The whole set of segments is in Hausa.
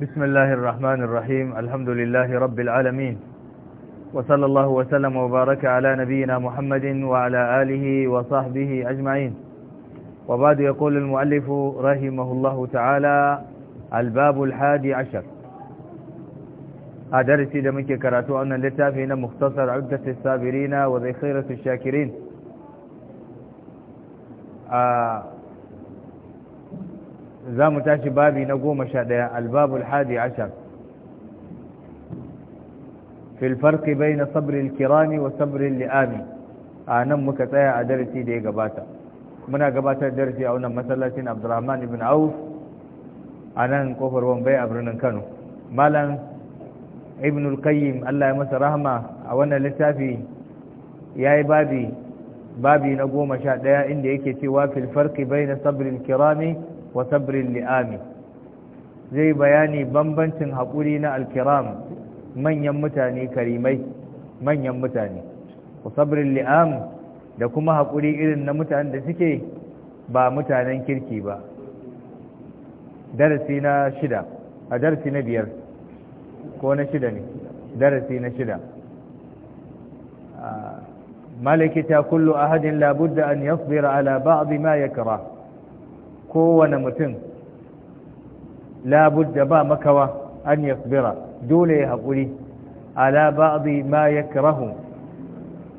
بسم الله الرحمن الرحيم الحمد لله رب العالمين وصلى الله وسلم وبارك على نبينا محمد وعلى آله وصحبه أجمعين وبعد يقول المؤلف رحمه الله تعالى الباب الحادي عشر أدرسي دمك كراتو أن لتافينا مختصر عدة السابرين وذخيرة الشاكرين آه za mu tashi babi na goma sha ɗaya albabu hadi ashar filfarki bai na sabirin kirani wa sabirin li'ami a nan muka tsaya a darasi da ya gabata muna gabatar darasi a wannan masallacin abdurrahman ibn auf a nan kofar wambai a birnin kano malam ibn al-qayyim allah ya masa rahama a wannan littafi ya yi babi babi na goma sha ɗaya inda yake cewa filfarki bai na sabirin kirani wa sabrin li'ami zai bayani bambancin haƙuri na alkiram manyan mutane karimai manyan mutane wa sabrin li'am da kuma haƙuri irin na mutanen da suke ba mutanen kirki ba darasi na shida a darasi na biyar ko na shida ne darasi na shida malaki ta kullu ahadin labudda an yasbira ala ba'd ma yakrah kowane mutum labudda ba makawa an ya yasbira dole ya haƙuri ala ba'dhi ma ya yakrahu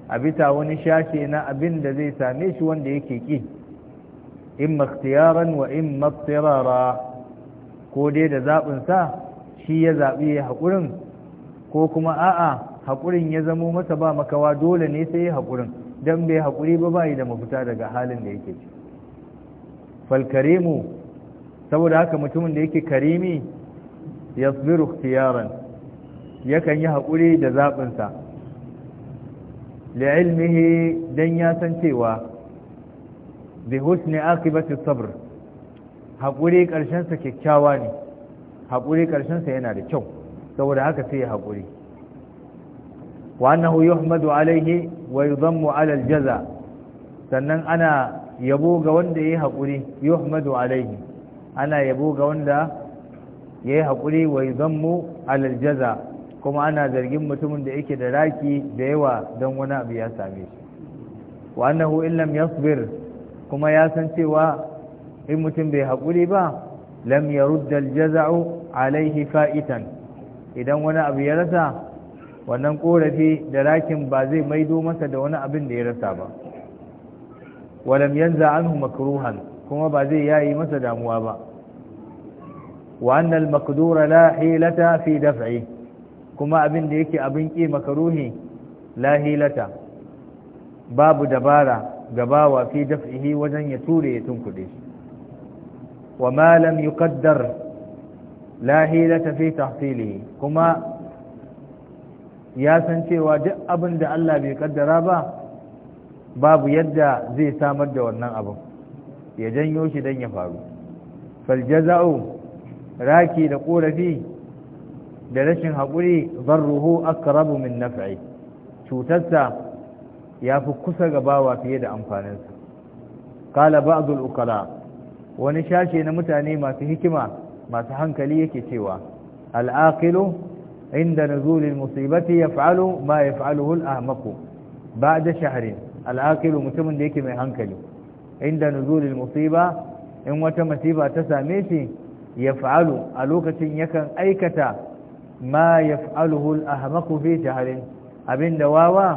a bita wani shashe na abin da zai same shi wanda yake ƙi, in ikhtiyaran wa in maftirara ko dai da zaɓinsa shi ya zaɓi ya haƙurin ko kuma a'a haƙurin ya zamo masa ba makawa dole ne sai ya haƙurin don bai haƙuri ba bayi da mafita daga halin da yake ci falkarimu saboda haka mutumin da yake karimi yasbiru ikhtiyaran yakan yi haƙuri da zaɓinsa li'ilmihi dan ya san cewa bi husni akibati sabr haƙuri ƙarshensa kyakkyawa ne haƙuri ƙarshensa yana da kyau saboda haka sai ya haƙuri wa annahu yuhmadu alaihi wa yudammu ala jaza. sannan ana yabo ga wanda yayi hakuri yuhmadu alaihi ana yabo ga wanda yayi haƙuri wa yadhammu alal kuma ana zargin mutumin da yake da raki da yawa don wani abu ya same shi wa annahu illam yasbir kuma ya san cewa in mutum bai hakuri ba lam yarudda al jaza'u alaihi fa'itan idan wani abu ya rasa wannan korafi da rakin ba zai maido masa da wani abin da ya rasa ba walam yanza anhu makruhan kuma ba zai yayi masa damuwa ba wa anna al maqdura la hilata fi daf'i kuma abin da yake abin ki makruhi la hilata babu dabara gabawa fi daf'ihi wajen ya ture ya tunkude shi wa ma lam yuqaddar la hilata fi tahsilihi kuma ya san cewa duk abin da Allah bai kaddara ba babu yadda zai samar da wannan abin ya janyo shi don ya faru faljaza'u raki da korafi da rashin haƙuri zarruhu akrabu min naf'i cutarsa ya fi kusa gabawa fiye da amfaninsa kala a ukala wani shashe na mutane masu hikima masu hankali yake cewa al'aqilu inda nuzulil musibati fa'alu ma yaf'aluhu ahmaku ba da shaharin. al'aqilu mutumin da yake mai hankali inda nuzulil musiba in wata musiba ta same shi yaf'alu a lokacin yakan aikata ma yaf'aluhu al-ahmaqu fi jahlin abinda wawa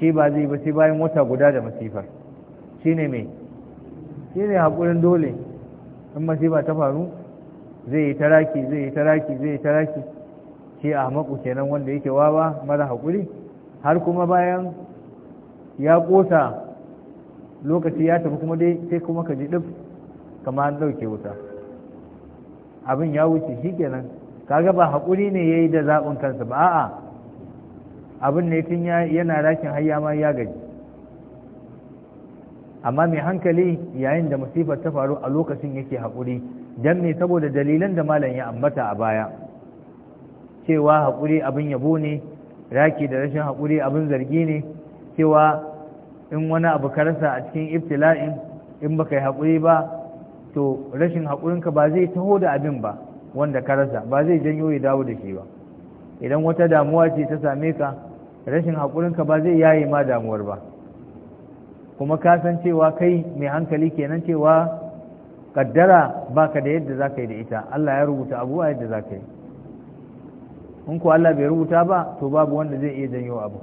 shi ba zai ba sai bayan wata guda da masifar shine me shine hakurin dole in masifa ta faru zai yi taraki zai yi taraki zai yi taraki shi ahmaqu kenan wanda yake wawa mara hakuri har kuma bayan ya ƙosa lokaci ya tafi kuma dai sai kuma ka ji duk kama an ɗauke wuta abin ya wuce shi kenan kaga ba haƙuri ne ya yi da zaɓin kansa ba a'a abin ne tun yana rakin hayya ma ya gaji amma mai hankali yayin da masifar ta faru a lokacin yake haƙuri don me saboda dalilan da malam ya ambata a baya cewa haƙuri abin yabo ne raki da rashin haƙuri abin zargi ne cewa in wani abu ka rasa a cikin iftila'in in ba ka yi haƙuri ba to rashin haƙurinka ba zai taho da abin ba wanda ka rasa ba zai janyo ya dawo da shi ba idan wata damuwa ce ta same ka rashin haƙurinka ba zai yaye ma damuwar ba kuma ka san cewa kai mai hankali kenan cewa kaddara ba ka da yadda za ka yi da ita Allah ya rubuta abu a yadda za ka yi in ko Allah bai rubuta ba to babu wanda zai iya janyo abu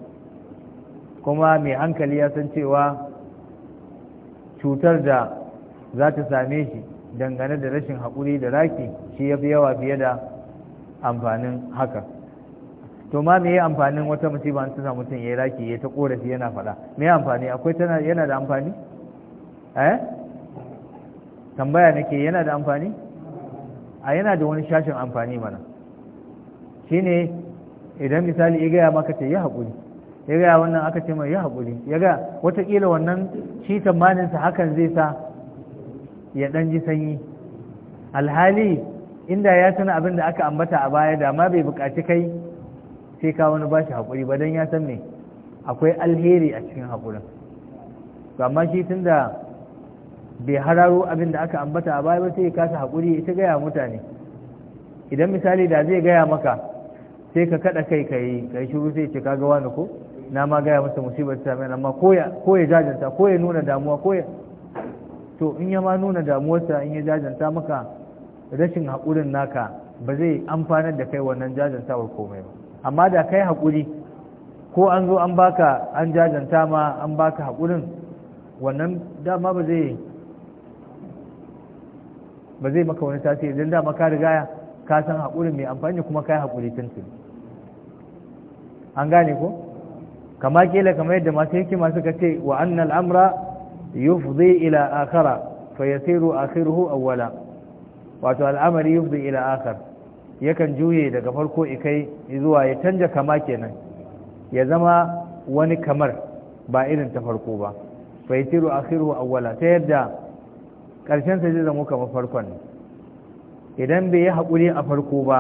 kuma mai hankali ya san cewa cutar da za ta same shi dangane da rashin haƙuri da raki shi ya fi yawa fiye da amfanin haka to ma me amfanin wata musiba ta tana mutum ya yi raki ya ta korafi yana faɗa me amfani akwai tana yana da amfani eh tambaya nake yana da amfani a yana da wani shashin amfani mana Shi ne idan misali ya gaya maka ce yi haƙuri ya gaya wannan aka ce mai ya haƙuri ya ga watakila wannan shi tsammaninsa hakan zai sa ya ɗan ji sanyi alhali inda ya san abin da aka ambata a baya da ma bai buƙaci kai sai ka wani ba shi haƙuri ba don ya san me akwai alheri a cikin haƙurin amma shi tun da bai hararo abin da aka ambata a baya ba sai ya kasa haƙuri ita gaya mutane idan misali da zai gaya maka sai ka kaɗa kai ka yi shuru sai ce ga wani ko na ma gaya masa musibar ta mai amma ko ya jajanta ko ya nuna damuwa ko ya to in ya ma nuna damuwarsa in ya jajanta maka rashin haƙurin naka ba zai amfanar da kai wannan jajantawar komai ba amma da kai haƙuri ko an zo an baka an jajanta ma an baka haƙurin wannan dama ba zai ba zai maka wani tasiri idan dama ka riga ka san haƙurin mai amfani kuma kai haƙuri tuntun an gane ko kama kila kamar yadda masu hikima suka ce wa annal amra yufdi ila akhara fa yasiru akhiruhu awwala wato al'amari yufdi ila akhar yakan juye daga farko ikai zuwa ya canja kama kenan ya zama wani kamar ba irin ta farko ba fa yasiru akhiruhu awwala ta yadda karshen sa zai zama kamar farkon idan bai yi haƙuri a farko ba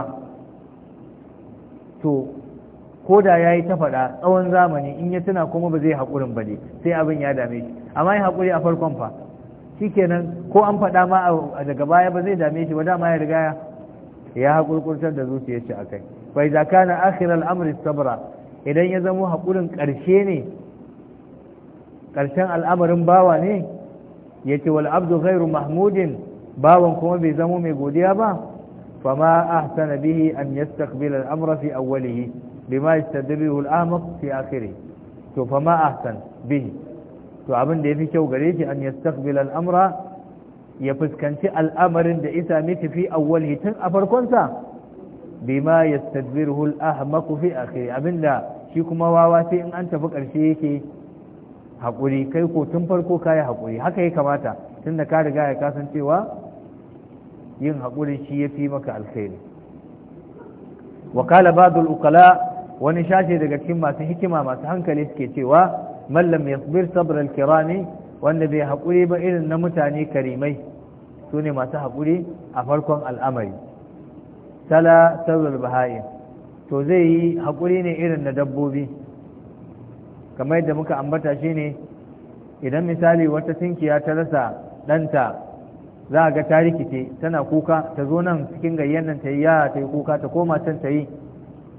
to ko da ya yi ta faɗa tsawon zamani in ya tuna kuma ba zai haƙurin ba ne sai abin ya dame shi amma ya haƙuri a farkon fa kenan ko an faɗa ma daga baya ba zai dame shi ba dama ya riga ya haƙurƙurtar da zuciyar shi kai. bai zaka na akhiral amri sabra idan ya zamo haƙurin ƙarshe ne ƙarshen al'amarin bawa ne ya ce wal abdu ghairu mahmudin bawan kuma bai zamo mai godiya ba fama ahsana bihi an yastaqbila al fi awwalihi bima yastadrihu al-ahmaq fi akhirih to fa ma ahsan bihi to abin da yafi kyau gare shi an yastaqbil al-amra ya fuskanci al'amarin da isa miki fi awwalihi tun a farkon sa bima yastadbiruhu al-ahmaq fi akhirih abinda shi kuma wawa sai in an tafi karshe yake Hakuri, kai ko tun farko ka yi hakuri, haka ya kamata tun da ka riga ya kasancewa yin hakuri shi ya fi maka alkhairi Wakala kala ukala wani shashe daga cikin masu hikima masu hankali suke cewa mallam yasbir sabr al-kirami wanda bai haƙuri ba irin na mutane karimai sune masu haƙuri a farkon al'amari sala sarrul Baha'i. to zai yi haƙuri ne irin na dabbobi kamar yadda muka ambata shi ne idan misali wata tinkiya ta rasa ɗanta za a ga ta rikice tana kuka ta zo nan cikin gayyan nan ta yi yara ta yi kuka ta koma can ta yi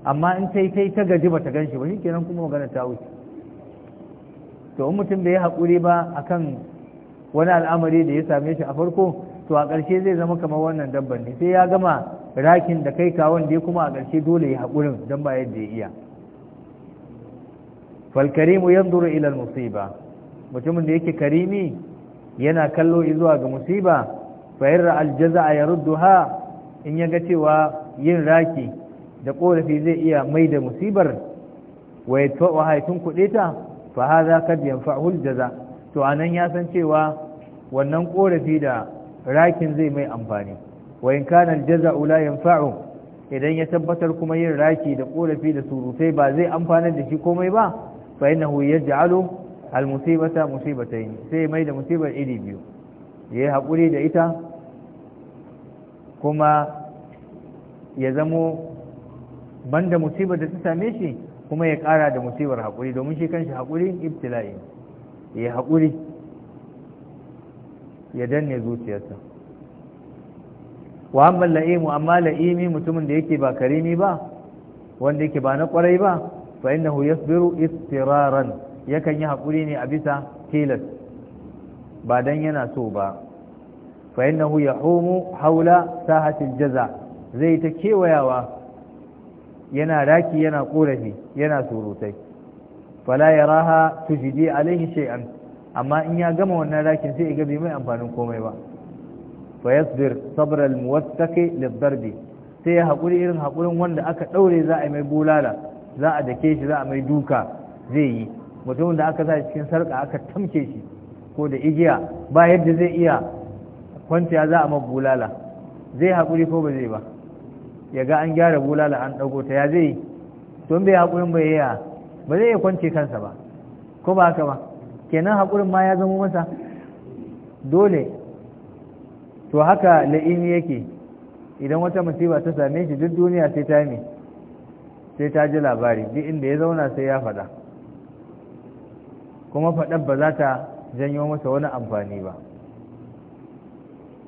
amma in sai sai ta gaji ba ta gan shi ba shi kenan kuma magana ta wuce to in mutum bai haƙuri ba a kan wani al'amari da ya same shi a farko to a ƙarshe zai zama kamar wannan dabban ne sai ya gama rakin da kai kawon da kuma a ƙarshe dole ya haƙurin don ba yadda ya iya falkarimu yan duru ilal musiba mutumin da yake karimi yana kallo zuwa ga musiba aljaza a yarudu ha in yaga cewa yin raki da korafi zai iya mai da musibar wa ya haifin kuɗe ta fa haza kad yanfa'ul jaza to anan ya san cewa wannan korafi da rakin zai mai amfani wa in kana aljaza'u la yanfa'u idan ya tabbatar kuma yin raki da korafi da surutai ba zai amfana da shi komai ba fa innahu yaj'alu almusibata musibatayn sai mai da musibar iri biyu yayi hakuri da ita kuma ya zamo banda musibar da ta same shi kuma ya kara da musibar haƙuri domin shi kanshi haƙuri ibtila'i ya haƙuri ya danne zuciyarsa wa amma la'imu amma la'imi mutumin da yake ba karimi ba wanda yake ba na kwarai ba fa innahu yasbiru istiraran yakan yi haƙuri ne a bisa tilas ba dan yana so ba fa innahu yahumu haula sahatil jaza zai ta kewayawa yana raki yana korafi yana surutai fala ya yaraha tujidi alaihi shay'an amma in ya gama wannan rakin sai ya bai mai amfanin komai ba fa yasbir sabr al muwattaqi lid sai ya hakuri irin hakurin wanda aka daure za a mai bulala za a dake shi za a mai duka zai yi mutumin da aka sa cikin sarka aka tamke shi ko da igiya ba yadda zai iya kwanciya za a mai bulala zai hakuri ko ba zai ba ya ga an gyara bulala an ɗago ta ya zai don bai haƙurin bai yi ba zai iya kwance kansa ba ko ba haka ba kenan haƙurin ma ya zama masa dole to haka la'imi yake idan wata musiba ta same shi duk duniya sai ta yi sai ta ji labari duk inda ya zauna sai ya faɗa kuma faɗar ba za ta janyo masa wani amfani ba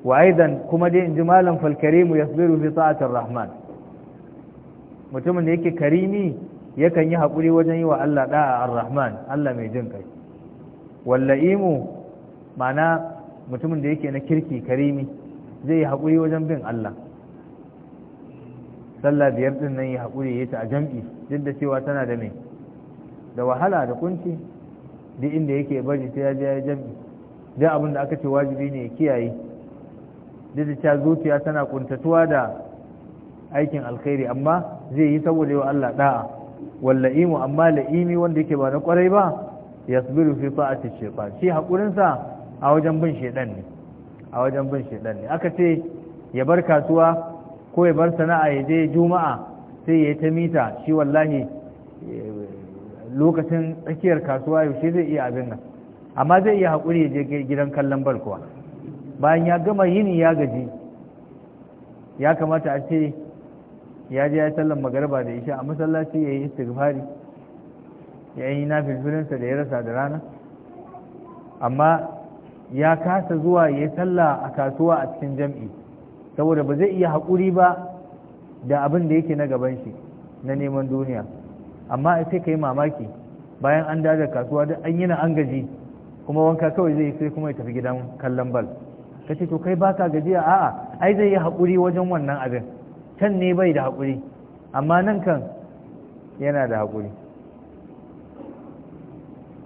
وايضا كما kuma dai inji malam falkarimu في fi الرحمن rahman mutumin da yake karimi yakan yi hakuri wajen yi wa Allah da'a ar-rahman Allah mai jin kai wallaimu ma'ana mutumin da yake na kirki karimi zai yi haƙuri wajen bin Allah sallah biyar din nan yi haƙuri ya ta a jam'i duk da cewa tana da mai da wahala da kunci duk inda yake bari sai ya je ya jam'i duk abin da aka ce wajibi ne ya kiyaye duk ta zuciya tana kuntatuwa da aikin alkhairi amma zai yi saboda yau Allah da'a walla'imu amma la'imi wanda yake ba na kwarai ba yasbiru fi ta'ati shaytan shi hakurin a wajen bin shedan ne a wajen bin shedan ne aka ce ya bar kasuwa ko ya bar sana'a ya je juma'a sai ya ta mita shi wallahi lokacin tsakiyar kasuwa yaushe zai iya abin nan amma zai iya haƙuri ya je gidan kallon balkuwa bayan ya gama yini ya gaji ya kamata a ce ya je ya sallan magarba da isha a masallaci ya yi istighfari ya yi na filfilinsa da ya rasa da rana amma ya kasa zuwa ya salla a kasuwa a cikin jam'i saboda ba zai iya haƙuri ba da abin da yake na gaban shi na neman duniya amma sai ka yi mamaki bayan an dada kasuwa da an yi na an gaji kuma wanka kawai zai sai kuma ya tafi gidan kallon bal ka ce to kai baka gajiya a'a ai zai yi haƙuri wajen wannan abin can ne bai da haƙuri amma nan kan yana da haƙuri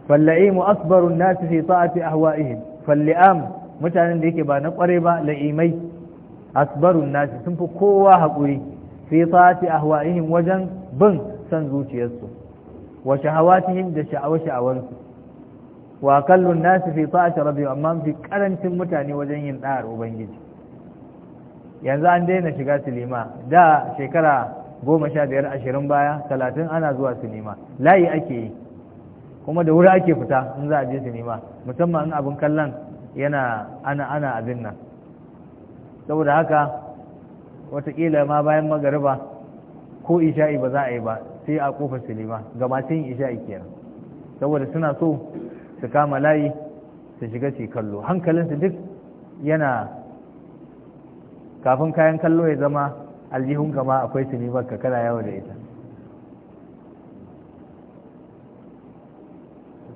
falla'imu asbarun nasu fi ta'ati ahwa'ihim falli'am mutanen da yake ba na ƙware ba la'imai asbarun nasu sun fi kowa haƙuri fi ta'ati ahwa'ihim wajen bin san zuciyarsu wa shahawatihim da sha'awa sha'awarsu. wa kallun nasu fi fa'ata rabbi amma fi karancin mutane wajen yin ɗa'ar ubangiji yanzu an daina shiga silima da shekara goma sha biyar ashirin baya talatin ana zuwa silima layi ake yi kuma da wuri ake fita in za a je silima musamman in abin kallon yana ana ana abin nan saboda haka watakila ma bayan magariba ko isha'i ba za a yi ba sai a kofar silima ga masu isha'i kenan saboda suna so su kama layi su shiga su kallo hankalinsu duk yana kafin kayan kallo ya zama aljihun kama akwai su ne ka kana yawo da ita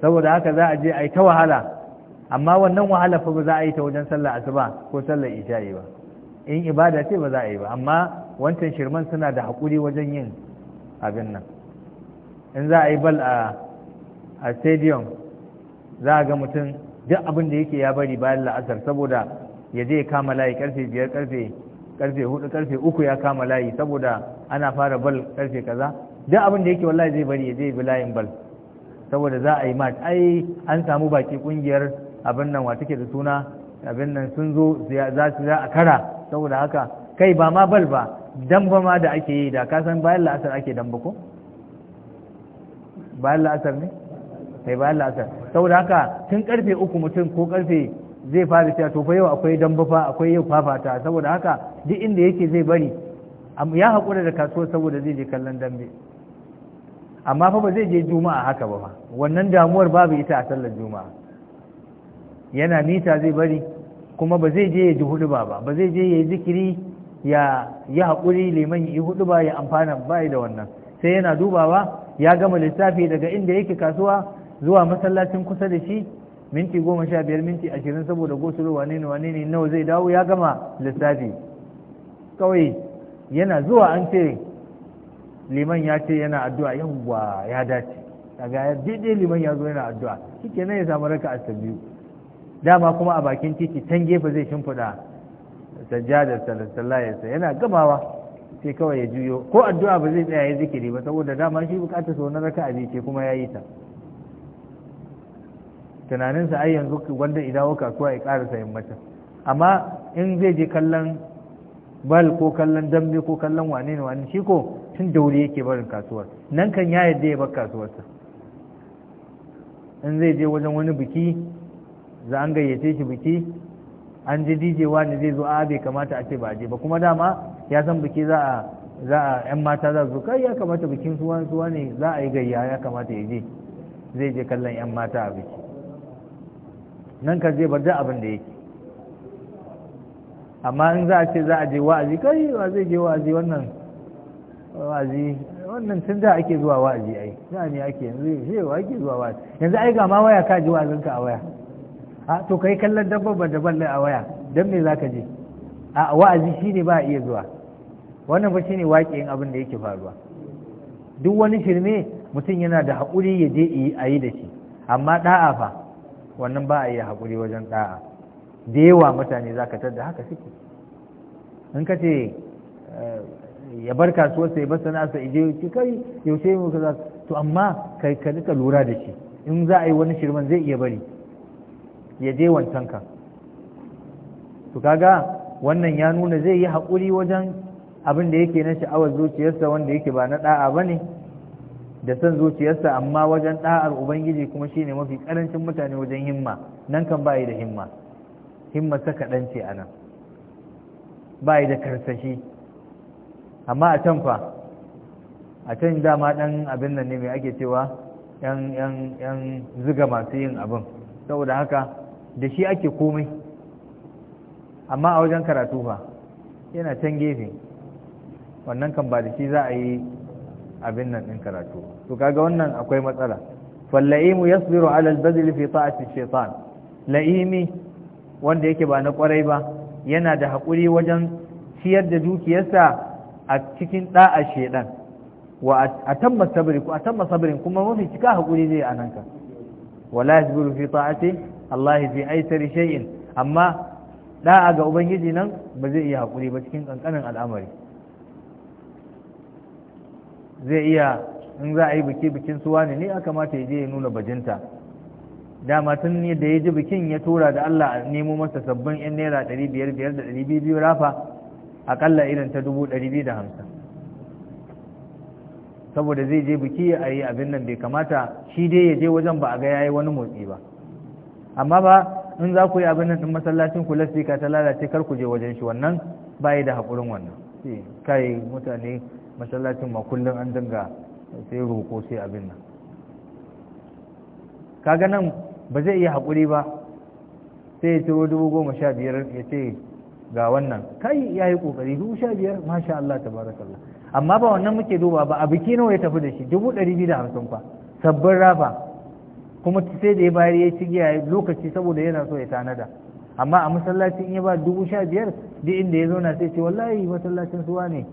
saboda haka za a je a yi ta wahala amma wannan wahala fa ba za a yi ta wajen sallar asuba ko sallar isha'i ba in ibada ce ba za a yi ba amma wancan shirman suna da haƙuri wajen yin abin nan in za a yi bal a stadium za a ga mutum duk abin da yake ya bari bayan la'asar saboda ya je kama layi karfe biyar karfe karfe hudu karfe uku ya kama layi saboda ana fara bal karfe kaza duk abin da yake wallahi zai bari ya je bi layin bal saboda za a yi mat ai an samu baki kungiyar abin nan wa take da suna abin nan sun zo za su za a kara saboda haka kai ba ma bal ba damba ma da ake yi da ka san bayan la'asar ake damba ko bayan la'asar ne kai bayan la'asar saboda haka tun karfe uku mutum ko karfe zai fara cewa to fa yau akwai damba fa akwai yau fafata saboda haka duk inda yake zai bari ya haƙura da kaso saboda zai je kallon dambe amma fa ba zai je juma'a haka ba wannan damuwar babu ita a sallar juma'a yana nita zai bari kuma ba zai je ya ji hudu ba ba zai je ya yi zikiri ya yi haƙuri liman ya yi hudu ba ya amfana ba da wannan sai yana dubawa ya gama lissafi daga inda yake kasuwa zuwa masallacin kusa da shi minti goma sha biyar minti ashirin saboda gosulo wane ne wane ne nawa zai dawo ya gama lissafi kawai yana zuwa an ce liman ya ce yana addu'a yawwa ya dace daga ya daidai liman ya zo yana addu'a ke nan ya samu raka a biyu dama kuma a bakin titi can gefe zai shimfiɗa sajjadar wasallam yana gamawa sai kawai ya juyo ko addu'a ba zai tsaya ya zikiri ba saboda dama shi bukatar sau na raka a kuma ya yi ta tunaninsa ai yanzu wanda idawo kasuwa ya ƙara sayan mata amma in zai je kallon bal ko kallon dambe ko kallon wane ne wane shi ko tun da wuri yake barin kasuwar nan kan ya yadda ya bar kasuwarsa in zai je wajen wani biki za an gayyace shi biki an ji dj wani zai zo a bai kamata a ce ba je ba kuma dama ya san biki za a za a yan mata za su kai ya kamata bikin suwa ne za a yi gayya ya kamata ya je zai je kallon yan mata a biki nan ka je barja da abin da yake amma in za a ce za a je wa'azi kai wa zai je wa'azi wannan wa'azi wannan tun da ake zuwa wa'azi ai za ne ake yanzu sai wa ake zuwa wa'azi yanzu ai ga ma waya ka ji wa'azinka a waya a to kai kallon ba da balle a waya dan me zaka je a wa'azi shine ba iya zuwa wannan fa shine waƙiyin abin da yake faruwa duk wani shirme mutum yana da haƙuri ya je a yi da shi amma ɗa'a fa wannan ba a iya haƙuri wajen ɗa'a da yawa mutane za ka tadda haka suke in ka ce eh, ya bar kasuwar sai sana'a sai je ki kai yaushe mu kaza to amma kai ka rika lura da shi in za a yi wani shirman zai iya bari ya je wancan ka to kaga wannan ya nuna zai yi haƙuri wajen abin da yake na sha'awar zuciyarsa wanda yake ba na ɗa'a ba ne da san zuciyarsa amma wajen da'ar ubangiji kuma shine mafi karancin mutane wajen himma nan kan bayi da himma himma ta kadan ce a nan bayi da karsashi amma a can fa a can dama ɗan abin nan ne mai ake cewa yan zuga masu yin abin saboda haka da shi ake komai amma a wajen karatu fa yana can gefe wannan kan ba da shi za a yi abin nan ɗin karatu to kaga wannan akwai matsala fallaimu yasbiru ala albazl fi ta'ati shaytan laimi wanda yake ba na kwarai ba yana da haƙuri wajen ciyar da dukiyarsa a cikin ɗa'a shedan wa atamma sabri ku atamma sabrin kuma mafi cika haƙuri zai anan ka wala yasbiru fi ta'ati Allah fi aitari shay'in amma ɗa'a ga ubangiji nan ba zai iya haƙuri ba cikin kankanin al'amari zai iya in za a yi biki bikin suwa ne ne ya kamata ya je ya nuna bajinta dama tun yadda ya ji bikin ya tura da Allah a nemo masa sabbin yan naira ɗari biyar biyar da ɗari biyu biyu rafa aƙalla irin ta dubu ɗari biyu da hamsin saboda zai je biki a yi abin nan bai kamata shi dai ya je wajen ba a ga yayi wani motsi ba amma ba in za ku yi abin nan in masallacin ku lasika ta lalace kar ku je wajen shi wannan yi da haƙurin wannan kai mutane masallacin ma kullum an dinga sai roƙo sai abin nan kaga nan ba zai iya hakuri ba sai ya ciro dubu goma sha biyar ya ce ga wannan kai ya yi ƙoƙari dubu sha biyar masha Allah ta Allah amma ba wannan muke duba ba a biki nawa ya tafi da shi dubu ɗari biyu da hamsin fa sabbin rafa kuma sai da ya bayar ya ci giya lokaci saboda yana so ya tanada amma a masallacin ya ba dubu sha biyar duk inda ya zauna sai ce wallahi masallacin suwa ne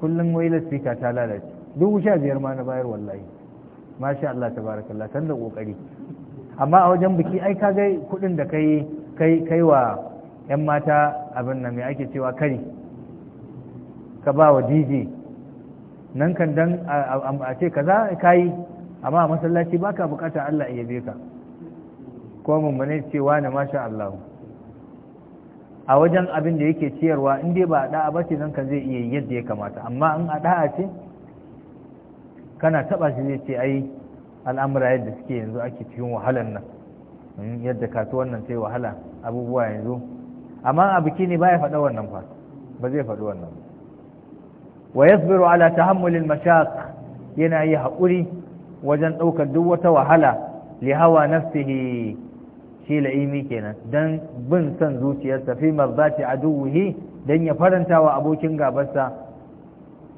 kullum wai lasfika ta lalace dubu sha biyar ma na bayar wallahi masha Allah tabarakallah san da kokari amma a wajen biki ai ka ga kuɗin da kai kai kai wa yan mata abin nan me ake cewa kari ka ba wa DJ nan kan dan a ce kaza kai amma a masallaci baka bukata Allah ya yabe ka ko mun cewa na masha Allah a wajen abin da yake ciyarwa in dai ba da'a ba ce nan kan zai iya yadda ya kamata amma in a da'a ce kana taba shi zai ce ai al'amura yadda suke yanzu ake cikin wahalan nan hmm, yadda kasu wannan sai wahala abubuwa yanzu amma a biki ne baya faɗa wannan fa ba zai faɗi wannan wa yasbiru ala tahammulil mashaq yana yi haƙuri wajen ɗaukar duk wata wahala li hawa nafsihi shi la'imi kenan dan bin son zuciyarsa fi marzati aduwwihi dan ya faranta wa abokin gabarsa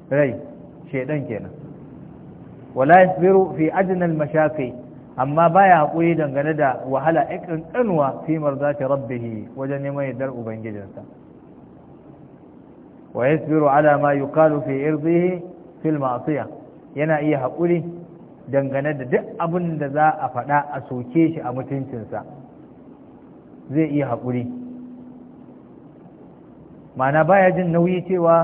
rai shedan kenan wala yasbiru fi adna al amma baya hakuri dangane da wahala ikin kanwa fi marzati rabbih wajen neman yardar ubangijinsa wa yasbiru ala ma yuqalu fi irdihi fi masiyah yana iya hakuri dangane da duk abin da za a faɗa a soke shi a mutuncinsa zai iya haƙuri mana baya jin nauyi cewa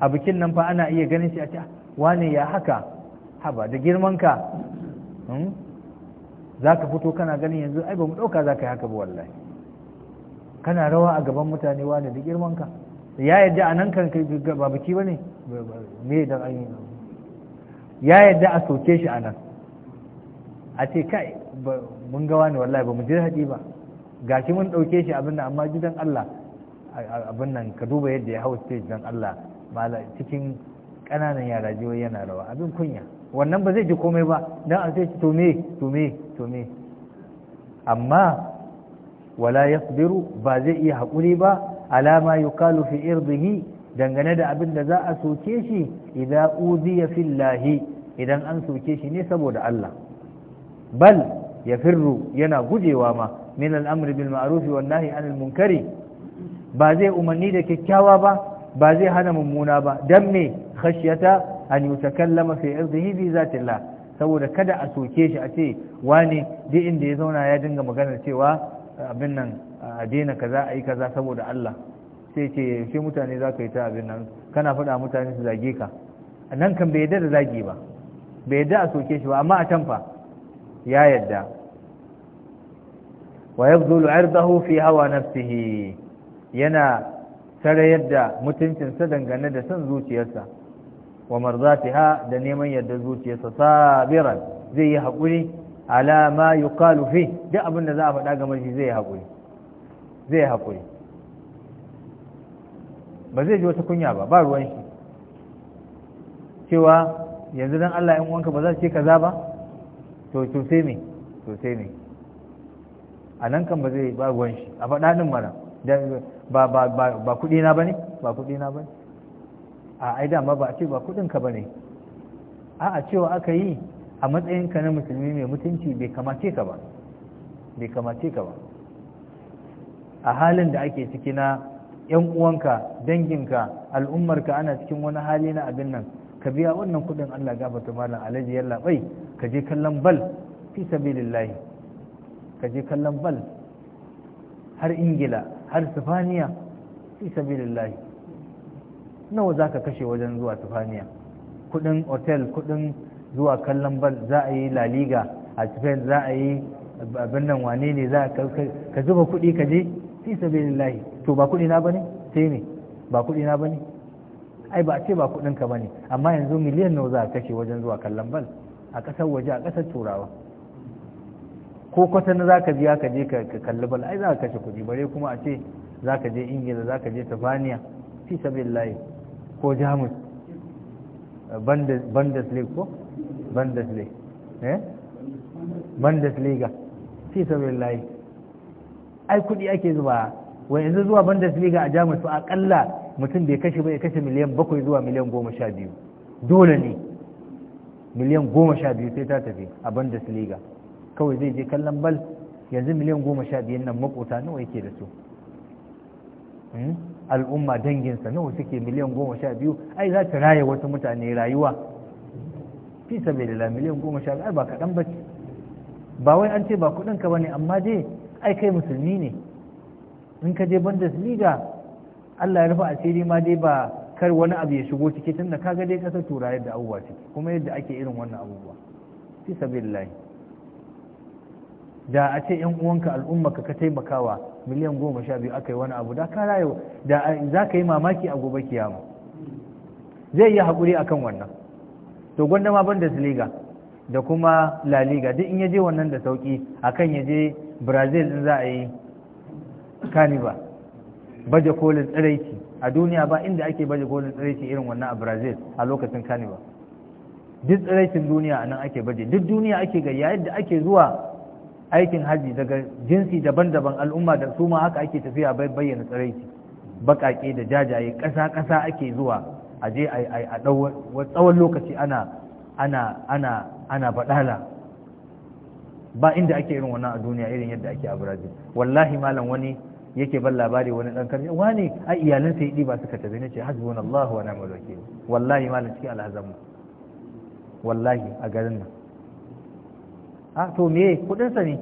a bikin nan fa ana iya ganin shi a ce wane ya haka haba da girmanka hmm? za ka fito kana ganin yanzu ai ba mu ɗauka za ka yi haka ba wallahi kana rawa a gaban mutane wane da girmanka ya yadda a nan kanka ba biki ba ne me da ya yadda a soke shi a nan a ce kai mun ga wani wallahi ba mu ji haɗi ba gashi mun ɗauke shi abin nan amma gidan Allah abin nan ka duba yadda ya hau stage dan Allah mala cikin ƙananan yara jiwo yana rawa abin kunya wannan ba zai ji komai ba dan an sai shi to me to me to me amma wala yasbiru ba zai iya haƙuri ba alama yuqalu fi irdihi dangane da abin da za a soke shi idan uziya fillahi idan an soke shi ne saboda Allah bal ya firru yana gujewa ma min al'amri bil ma'arufi wan nahi anil munkari ba zai umarni da kyakkyawa ba ba zai hana mummuna ba dan me khashyata an yutakallama fi irdihi bi zatillah saboda kada a soke shi a ce wani duk inda ya zauna ya dinga maganar cewa abin nan a daina kaza a yi kaza saboda Allah sai ce shi mutane za ka yi ta abin nan kana faɗa mutane su zage ka nan kan bai yadda da zagi ba bai yadda a soke shi ba amma a tamfa ya yadda wa yabdulu irdahu fi hawa nafsihi yana tare yadda mutuncinsa dangane da son zuciyarsa wa marzatiha da neman yadda zuciyarsa sabiran zai yi hakuri ala ma yuqalu fi duk abin da za a faɗa game shi zai haƙuri zai haƙuri ba zai ji wata kunya ba ba ruwan shi cewa yanzu dan Allah in wanka ba za su ce kaza ba to to sai me to sai me a nan kan ba zai ba ruwan shi a faɗa ɗin mana ba ba ne, ba kuɗi na ba ne. a ai dama ba a ce ba kuɗin ka ne. a a cewa aka yi a matsayin ka na musulmi mai mutunci bai kamace ka ba bai kamace ka ba a halin da ake ciki na yan uwanka danginka al'ummarka ana cikin wani hali na abin nan ka biya wannan kuɗin Allah gafata malam alaji yalla bai ka je kallon bal fi sabilillahi ka je kallon bal har ingila har sifaniya fi sabilillahi nawa za ka kashe wajen zuwa sifaniya kudin otel kudin zuwa kallon bal za a yi laliga a cikin za a yi abin nan wane ne za ka zuba kudi ka je fi sabilillahi to ba kudi na ba ne? sai ne ba kudi na ba ne? ai ba ce ba kudin ka ne. amma yanzu miliyan nawa za a kashe wajen zuwa kallon bal a kasar waje a kasar turawa ko kwatanni za ka biya ka je ka kalli bal ai za ka kashe kuɗi bare kuma a ce za ka je ingila za ka je tafaniya fi layi. ko jamus bundesliga ko bundesliga eh bundesliga fi ai kuɗi ake zuba wa yanzu zuwa League a jamus fa kalla mutum bai kashe ba ya kashe miliyan bakwai zuwa miliyan goma sha biyu dole ne miliyan goma sha biyu sai ta tafi a League. kawai zai je kallon bal yanzu miliyan goma sha biyan nan makota nawa yake da su hmm? al'umma danginsa nawa suke miliyan goma sha biyu ai za ta raya wasu mutane rayuwa fi da miliyan goma sha biyu ba kaɗan ba ba wai an ce ba kuɗinka ba ne amma dai ai kai musulmi ne in ka je liga allah ya rufa asiri ma dai ba kar wani abu ya shigo ciki tunda kaga dai ƙasar turai da abubuwa ciki kuma yadda ake irin wannan abubuwa fi sabilillah da a ce yan uwanka al'umma ka taimakawa miliyan goma sha biyu aka yi wani abu da ka rayu da za ka yi mamaki a gobe kiyama zai yi haƙuri a kan wannan to gwanda ma ban da siliga da kuma laliga duk in ya je wannan da sauƙi a kan ya je brazil in za a yi kaniba baje kolin tsiraici a duniya ba inda ake baje kolin tsiraici irin wannan a brazil a lokacin kaniba duk tsiraicin duniya a nan ake baje duk duniya ake gayya yadda ake zuwa aikin haji daga jinsi daban-daban al'umma da su ma haka ake tafiya bai bayyana tsaraici baƙaƙe da jajaye ƙasa-ƙasa ake zuwa a je a tsawon lokaci ana ana ana ana baɗala ba inda ake irin wannan a duniya irin yadda ake a brazil wallahi malam wani yake ban labari wani ɗan karshe wani a iyalansa ya ɗiba suka tafi nace hasbunallahu wa ni'mal wallahi malam cikin alhazamu wallahi a garin nan a to me kudinsa ne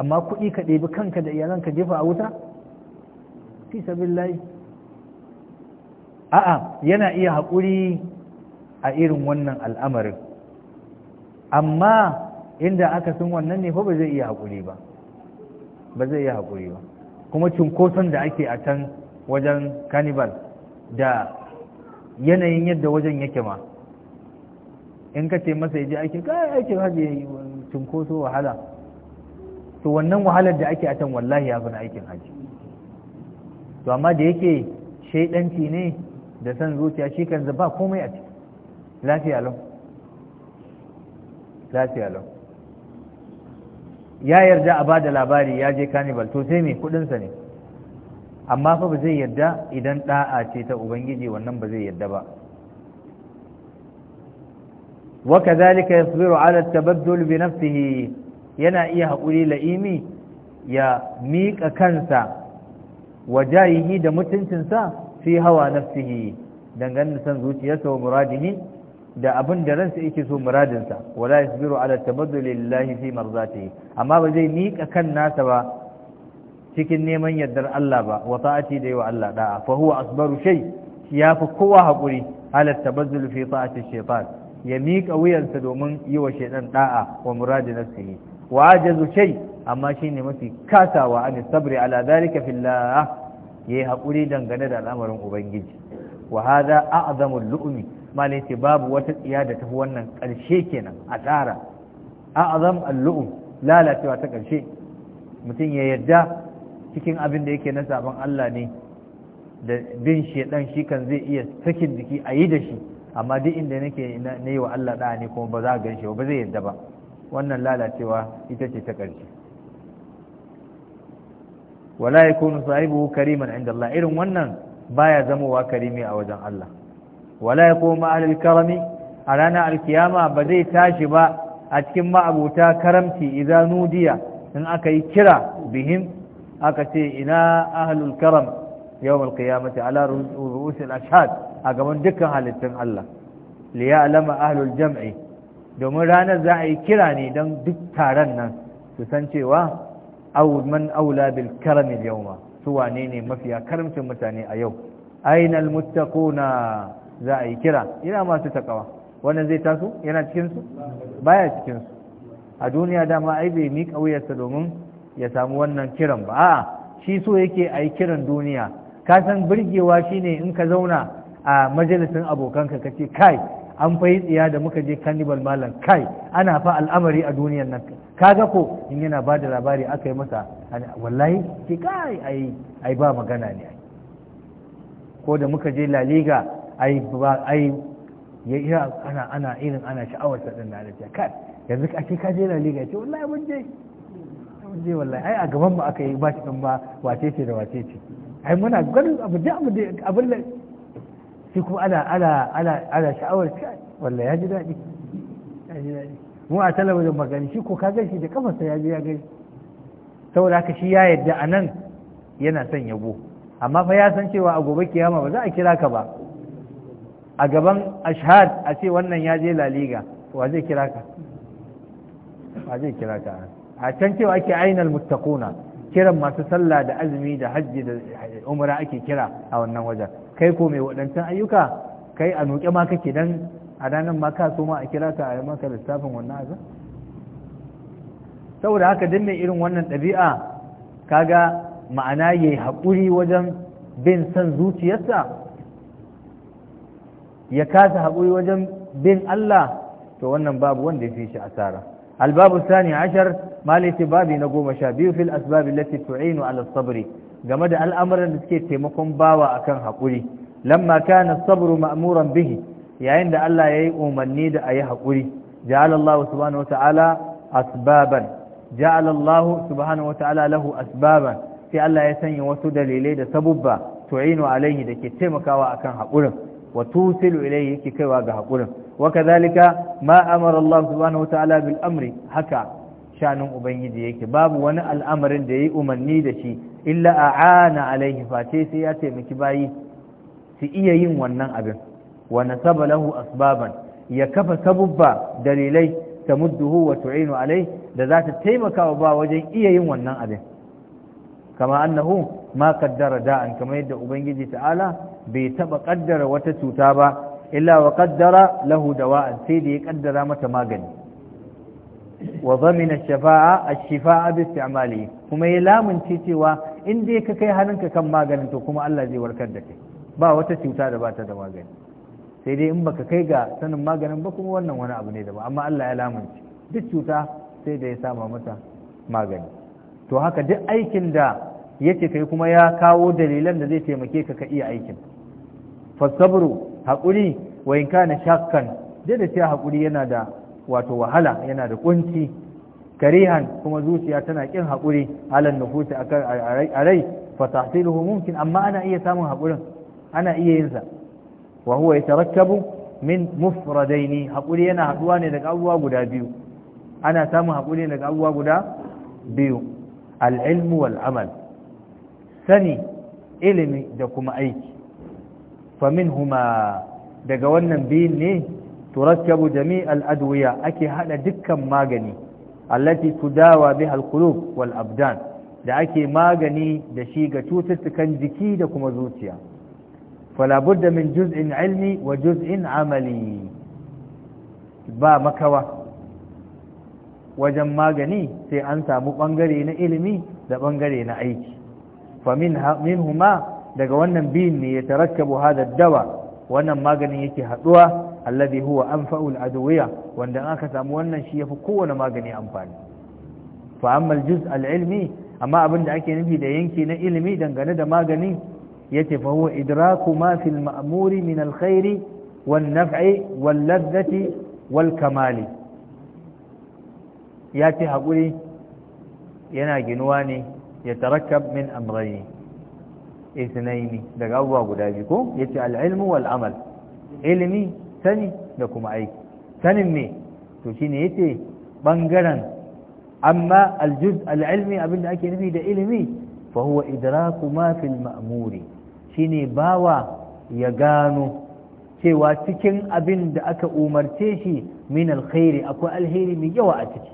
amma kudi ka ɗebi kanka da iyalan ka jefa a wuta fi sabillahi a'a yana iya haƙuri a irin wannan al'amarin amma inda aka sun wannan ne fa ba zai iya haƙuri ba ba zai iya haƙuri ba kuma cunkoson da ake a can wajen carnival da yanayin yadda wajen yake ma in ka ce masa je aikin kai aikin hajji ya yi cinkoso wahala to wannan wahalar da ake a can wallahi ya fi na aikin haji to amma da yake shaidanci ne da san zuciya shi kan ba komai a ciki lafiya lau lafiya lau ya yarda a bada labari ya je carnival to sai mai kudinsa ne amma fa ba zai yarda idan da'a ce ta ubangiji wannan ba zai yarda ba wa kadhalika yasbiru ala tabaddul bi nafsihi yana iya haƙuri la'imi ya miƙa kansa wajayihi da mutuncinsa fi hawa nafsihi dangane da san zuciyarsa wa muradihi da abin da ransa yake so muradinsa wala yasbiru ala tabaddul lillahi fi marzatihi amma ba zai miƙa kan nasa ba cikin neman yardar Allah ba wa ta'ati da yawa Allah da'a fa huwa asbaru ya fi kowa haƙuri ala tabaddul fi ta'ati shaytan ya miƙa wuyansa domin yi wa shaidan ɗa'a wa muradi na wa ajazu shai amma shine mafi kasawa a sabri ala dhalika fillah yi haƙuri dangane da al'amarin ubangiji wa hadha a'zamul lu'mi malai ce babu wata tsiya da tafi wannan ƙarshe kenan a tsara a'zam al luum lalacewa ta ƙarshe mutum ya yarda cikin abin da yake na sabon Allah ne da bin shaidan shi kan zai iya sakin jiki a yi da shi amma duk inda nake na yi wa Allah ɗaya ne kuma ba za a ganshi ba zai yadda ba wannan lalacewa ita ce ta ƙarshe wala yakunu sahibu kariman inda Allah irin wannan baya zamowa karimi a wajen Allah wala kuma ma'al karami a ranar alkiyama ba zai tashi ba a cikin ma'abuta karamci idza nudiya in aka yi kira bihim aka ce ina ahlul karam alkiyama ta ala ru'usil ashhad a gaban dukkan halittun Allah liya liya'lama ahlul jam'i domin ranar za a yi kira ne don duk taron nan su san cewa man aula bil karami yawma su wane ne mafiya karamcin mutane a yau ainihin muttaquna za a yi kira ina masu takawa wannan zai taso yana cikinsu? baya cikinsu. a duniya dama ai bai miƙa wuyarsa domin ya samu wannan kiran ba a shi so yake a yi kiran duniya ka san birgewa ne in ka zauna a majalisin abokanka ka ce kai an yi tsiya da muka je cannibal malam kai ana fa al'amari a duniyar nan kaga ko in yana ba da labari aka yi masa wallahi ke kai ai ai ba magana ne ko da muka je la liga ai ba ai ya ana ana irin ana sha'awar sa din da kai yanzu ake ka je la liga ce wallahi mun je mun je wallahi ai a gaban mu aka yi ba shi ba wace ce da wace ce ai muna ganin abu da abu da shi kuma ana ana ana ana sha'awar shi wallahi ya ji daɗi ya ji daɗi mu a talabijin magani shi ko ka gashi da kafarsa ya ji ya gani saboda haka shi ya yadda a nan yana son yabo amma fa ya san cewa a gobe kiyama ba za a kira ka ba a gaban ashhad a ce wannan ya je laliga wa zai kira ka wa zai kira ka a can cewa ake ainal muttaquna kiran masu sallah da azumi da hajji da umra ake kira a wannan wajen kai ko mai waɗancan ayyuka kai a nuke ma kake dan a ranar ma ka so ma a kira ka a yi maka lissafin wannan azan saboda haka duk mai irin wannan ɗabi'a kaga ma'ana yayi haƙuri wajen bin son zuciyarsa ya kasa haƙuri wajen bin Allah to wannan babu wanda ya fi shi asara الباب الثاني عشر مالتي بابي نقوم شابي في الأسباب التي تعين على الصبر جمد الأمر الذي تيمكم باوى أكن حقولي لما كان الصبر مأمورا به يعند الله يؤمني دا أي حقولي جعل الله سبحانه وتعالى أسبابا جعل الله سبحانه وتعالى له أسبابا في الله يسني وسدليلي دا سببا تعين عليه دا كتمكا وأكن حقولي وتوصل إليه كي كيواغ حقولي وكذلك ما أمر الله سبحانه وتعالى بالأمر حكى شأن أبنجي يكي باب وانا الأمر دي أمني دشي إلا أعان عليه فاتي سياتي مكباي سئيين وانا أبن ونسب له أسبابا يكف سببا دليلي تمده وتعين عليه لذات التيمك وبا وجين إيين وانا أبن كما أنه ما قدر داء كما يدى أبنجي تعالى بيتبقدر وتتتابا illa wa qaddara lahu dawa'an sai da ya kaddara mata magani wa zamina shafa'a ash-shifa'a bi isti'mali kuma ya lamunci cewa in dai ka kai hannunka kan maganin to kuma Allah zai warkar da kai ba wata cuta da ba ta da magani sai dai in baka kai ga sanin maganin ba kuma wannan wani abu ne da ba amma Allah ya lamunci duk cuta sai da ya sama mata magani to haka duk aikin da yake kai kuma ya kawo dalilan da zai taimake ka ka iya aikin fasabru haƙuri wa in kana shakkan duk da cewa haƙuri yana da wato wahala yana da kunci karihan kuma zuciya tana kin haƙuri halan nufusi a rai fa tahsiluhu mumkin amma ana iya samun haƙurin ana iya yin sa wa huwa yatarakkabu min mufradaini haƙuri yana haɗuwa ne daga abubuwa guda biyu ana samun haƙuri daga abubuwa guda biyu al-ilmu wal amal sani ilimi da kuma aiki faminhuma daga wannan biyun ne turakkabu jami'al adwiya ake hada dukkan magani allati tudawa biha alqulub wal abdan da ake magani da shi ga cututtukan jiki da kuma zuciya fala budda min juz'in ilmi wa juz'in amali ba makawa wajen magani sai an samu bangare na ilimi da bangare na aiki min huma daga wannan biyun ne ya tarakkabu hada dawa wannan maganin yake haduwa alladhi huwa anfa'ul adwiya wanda aka samu wannan shi yafi kowane magani amfani fa amma aljuz alilmi amma abinda ake nufi da yanki na ilimi dangane da magani yace fa huwa idraku ma fil ma'muri min alkhairi wan naf'i wal ladhati wal kamali yace hakuri yana ginuwa ne ya tarakkab min amrayni ithnaini daga abubuwa guda biyu ko yace al-ilmu wal amal ilmi sani da kuma aiki sanin me to shine yace bangaren amma al-juz al-ilmi abinda ake nufi da ilmi fa huwa idraku ma fil ma'muri shine bawa ya gano cewa cikin abin da aka umarce shi min khairi akwai alheri mai yawa a ciki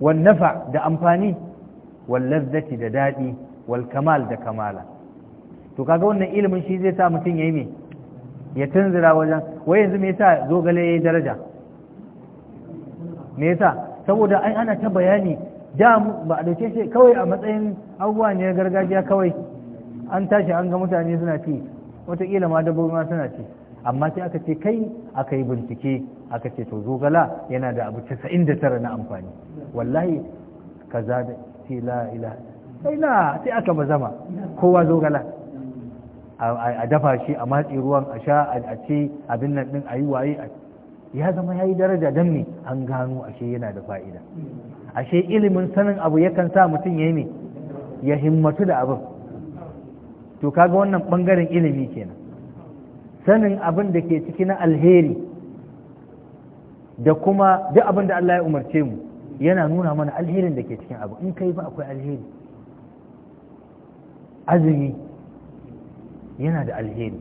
wan nafa da amfani wal lazzati da dadi wal kamal da kamala to kaga wannan ilimin shi zai sa mutum yayi me ya tunzura wajen wai yanzu me yasa zogale yayi daraja me yasa saboda an ana ta bayani da ba a dauke shi kawai a matsayin abubuwa ne gargajiya kawai an tashi an ga mutane suna ci wataƙila ma dabbobi ma suna ci amma sai aka ce kai aka yi bincike aka ce to zogala yana da abu 99 na amfani wallahi kaza da ce la ilaha sai na sai aka bazama kowa zogala a dafa shi a matsi ruwan a sha a ce abin nan din yi waye ya zama ya yi daraja dan me an gano ashe yana da fa'ida ashe ilimin sanin abu yakan sa mutum yi ne ya himmatu da abin to kaga wannan bangaren ilimi kenan sanin abin da ke ciki na alheri da kuma duk abin da Allah ya umarce mu yana nuna mana alherin da ke cikin abu in kai ba akwai alheri azumi yana da alheri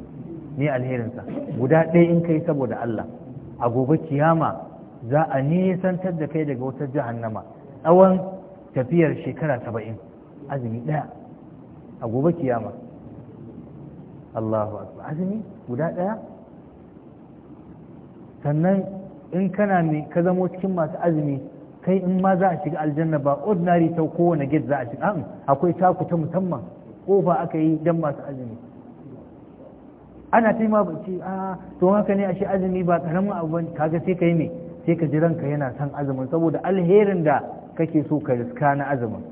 ne alherinsa guda ɗaya in kai saboda Allah a gobe kiyama za a nisantar da kai daga wata jahannama tsawon tafiyar shekara saba'in azumi ɗaya a gobe kiyama Allahu akbar azumi guda ɗaya sannan in kana ne ka zamo cikin masu azumi kai in ma za a shiga aljanna ba ordinary ta kowane gate za a shiga akwai taku ta musamman kofa aka yi don masu azumi ana ta ma a ah, to haka ne ashe azumi ba karamin abu kaga sai ka yi me sai ka ji ranka yana son azumin saboda alherin da kake so ka riska na azumin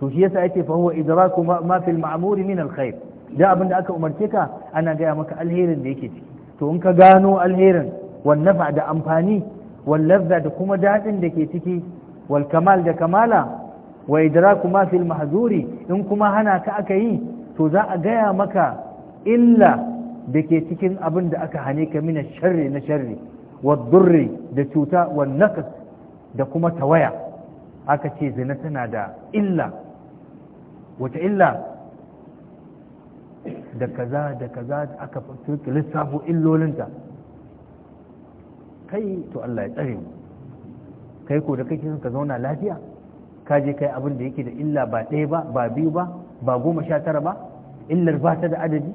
to shi yasa yake fa huwa idraku ma fil ma'mur min al khair da abin da aka umarce ka ana gaya maka alherin da yake ciki to in ka gano alherin wal nafa da amfani wal lazza da kuma dadin da ke ciki wal kamal da kamala wa idraku ma fil mahzuri in kuma hana ka aka yi to za a gaya maka illa da ke cikin abin da aka hane ka mina sharri na sharri wa durri da cuta wa nakas da kuma tawaya aka ce zina tana da illa wata illa da kaza da kaza aka fito lissafo illolinta kai to Allah ya tsare mu kai ko da kake son ka zauna lafiya ka je kai abin da yake da illa ba ɗaya ba ba biyu ba ba goma sha tara ba illar ba ta da adadi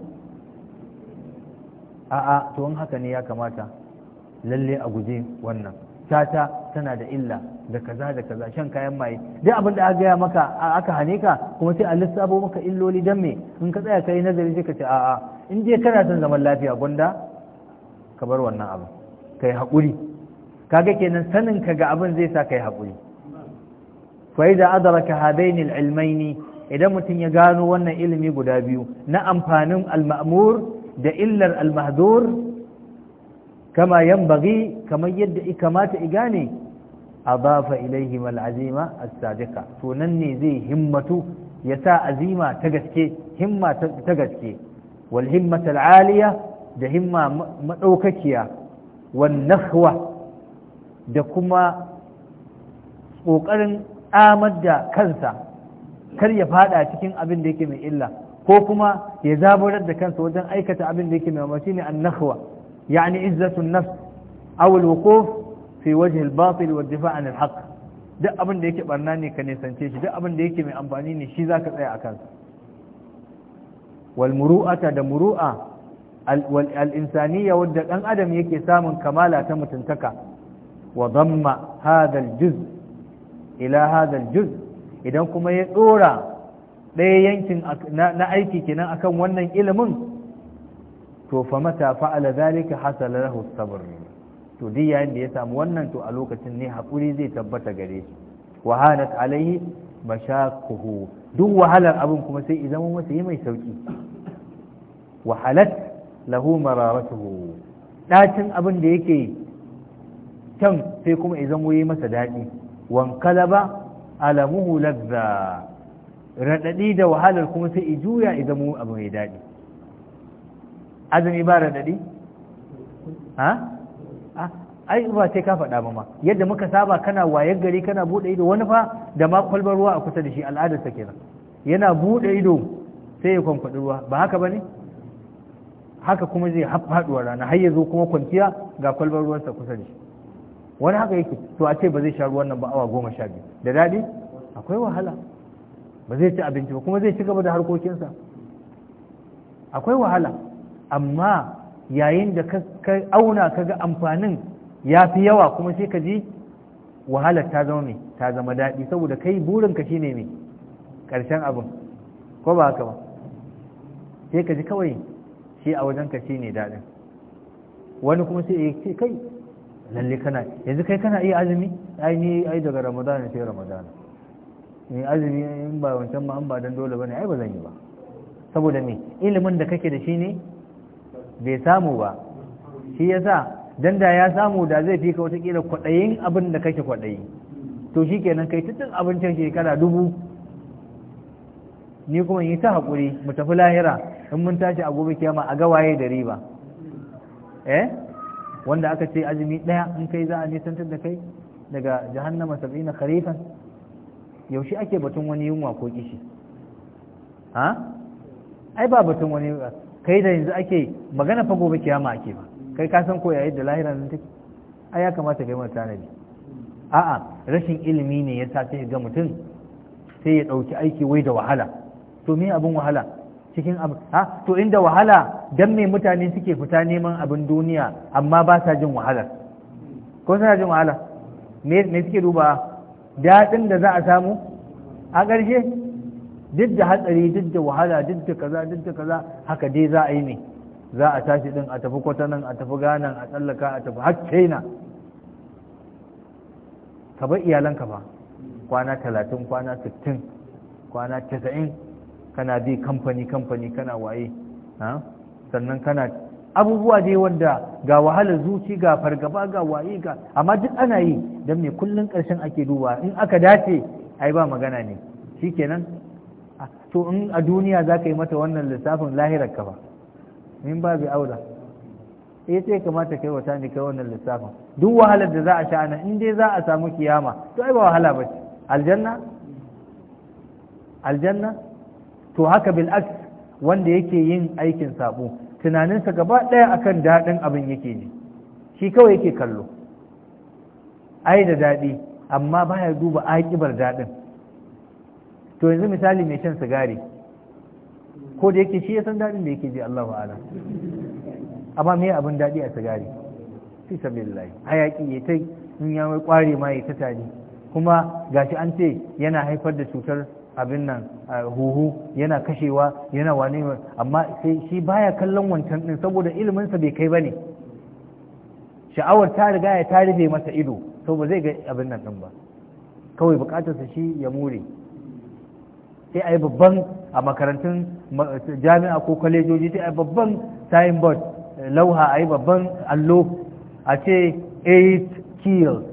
a'a to in haka ne ya kamata lalle a guje wannan tata tana da illa da kaza da kaza shan kayan maye dai abin da aka gaya maka aka hane ka kuma sai a lissafo maka illoli dan me in ka tsaya kai nazari sai ka ce a'a in je kana son zaman lafiya gwanda ka bar wannan abu kai haƙuri ga kenan sanin ka ga abin zai sa ka yi hakuri? fa idza adraka hadaini al-ilmaini idan mutum ya gano wannan ilimi guda biyu na amfanin al da illar al-mahdur kama yanbaghi kamar yadda i kamata igane, abafa adafa ilayhi al-azima ne zai himmatu ya sa azima ta gaske himma ta gaske wal himmata al-aliya da himma madaukakiya wan nahwa da kuma ƙoƙarin tsamar da kansa kar ya fada cikin abin da yake mai illa ko kuma ya zaburar da kansa wajen aikata abin da yake mai mace ne annahwa yani izzatun nafs aw alwuquf fi wajhi albatil wa difa' an alhaq duk abin da yake barna ne ka nisance shi duk abin da yake mai amfani ne shi zaka tsaya akan sa wal muru'ata da muru'a al insaniya wadda dan adam yake samun kamala ta mutuntaka wa damma hadha al juz' ila hadha juz idan kuma ya dora ɗaya yankin na aiki kenan akan wannan ilimin to fa mata fa'ala zalika hasala lahu sabr to duk yayin da ya samu wannan to a lokacin ne hakuri zai tabbata gare shi wa hanat alaihi mashaquhu duk wahalar abin kuma sai ya zama masa mai sauki wahalat lahu mararatuhu dacin abin da yake can sai kuma ya zama yi masa daɗi wankalaba alamuhu ladza radadi da wahalar kuma sai ijuya idan mu abu mai dadi azumi ba ai ba sai ka faɗa ba ma yadda muka saba kana wayar gari kana bude ido wani fa da ma kwalbar ruwa a kusa da shi al'adar sa kenan yana bude ido sai ya kwamfadi ruwa ba haka bane haka kuma zai haɗuwa rana har ya zo kuma kwanciya ga kwalbar sa kusa da shi wani haka yake to a ce ba zai sha ruwan nan ba awa goma sha biyu da daɗi akwai wahala ba zai ci abinci ba kuma zai ci gaba da harkokinsa akwai wahala amma yayin da ka auna ka ga amfanin ya fi yawa kuma sai ka ji wahalar ta zama mai ta zama daɗi saboda kai burin shi ne mai ƙarshen abin ko ba haka ba sai ka ji kawai shi a wajen shi ne daɗin wani kuma sai ya ce kai lalle kana yanzu kai kana iya azumi ai ni ai daga ramadana sai ramadana ni eh, azumi in ba wancan ma an ba dan dole bane ai ba zan yi ba saboda me ilimin da kake da shi ne bai samu ba shi yasa dan da ya samu da zai fi ka wata kila kwadayin abin da kake kwadayi to shikenan kai tutun abincin shekara dubu ni kuma yi ta hakuri mu tafi lahira in mun tashi a gobe kiyama a gawaye da riba eh wanda aka ce azumi ɗaya in kai za a nisantar da kai daga jahannama sab'ina kharifan yaushe ake batun wani yunwa ko kishi ha ai ba batun wani kai da yanzu ake magana fa gobe kiyama ake ba kai ka san ko yayin da lahira nan take ai ya kamata kai mata tanadi a'a rashin ilimi ne yasa sai ga mutum sai ya dauki aiki wai da wahala to me abin wahala cikin abu ha to inda wahala dan me mutane suke fita neman abin duniya amma ba sa jin wahala ko sa jin wahala me me suke duba daɗin da za a samu a ƙarshe duk da hatsari duk da wahala duk da kaza duk da kaza haka dai za a yi ne za a tashi din a tafi kwatanan a tafi ganan a tsallaka a tafi har na ka bar iyalanka ba kwana talatin kwana sittin kwana casa'in kana dai kamfani kamfani kana waye sannan kana abubuwa dai wanda ga wahalar zuci ga fargaba ga waye ga amma duk ana yi don me kullun ƙarshen ake duba in aka dace ai ba magana ne shikenan to in a duniya za ka yi mata wannan lissafin lahirar ka ba min ba bi aula eh sai kamata kai wata ne kai wannan lissafin duk wahalar da za a sha nan in dai za a samu kiyama to ai ba wahala ba ce aljanna aljanna to haka bil wanda yake yin aikin sabo tunaninsa gaba ɗaya akan daɗin abin yake ne shi kawai yake kallo ai da daɗi amma baya duba aƙibar daɗin to yanzu misali mai shan sigari ko da yake shi ya san daɗin da yake ji Allahu ala amma me abin daɗi a sigari fi sabilillahi hayaki ya ta in ya mai kware ma ya ta tare kuma gashi an ce yana haifar da cutar abin nan huhu yana kashewa yana wane amma sai shi baya kallon wancan din saboda iliminsa bai kai bane sha'awar ta riga ya ta rufe masa ido to ba zai ga abin nan din ba kawai bukatarsa shi ya mure. sai a babban a makarantun jami'a ko kwalejoji sai a yi babban signboard lauha a yi babban allo a ce 8 kills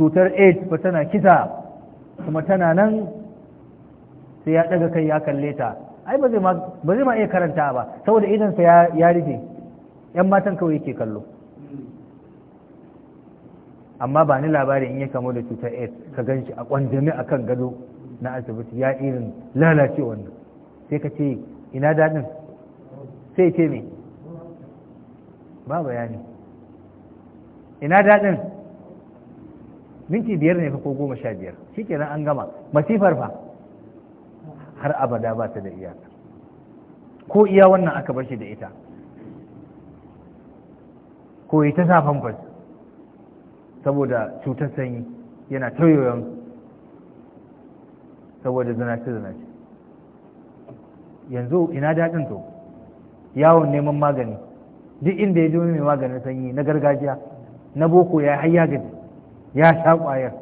cutar 8 ba tana kisa kuma tana nan sai ya daga kai ya kalle ta ai ba zai ma iya karanta ba saboda sa ya rufe yan matan kawai yake kallo amma ba ni labarin in ya kamo da cutar aids ka ganshi a kwanjami akan gado na asibiti ya irin lalace wannan sai ka ce ina dadin sai ce me ba bayani ina dadin minti biyar ne fa ko goma sha biyar shikenan an gama masifar fa har abada ba ta da iyaka ko iya wannan aka bar shi da ita ko yi ta sa famfas saboda cutar sanyi yana tauyoyon saboda zanace zanace yanzu ina daɗin to yawon neman magani duk inda ya ji mai maganin sanyi na gargajiya na boko ya yi gaji ya sha ƙwayar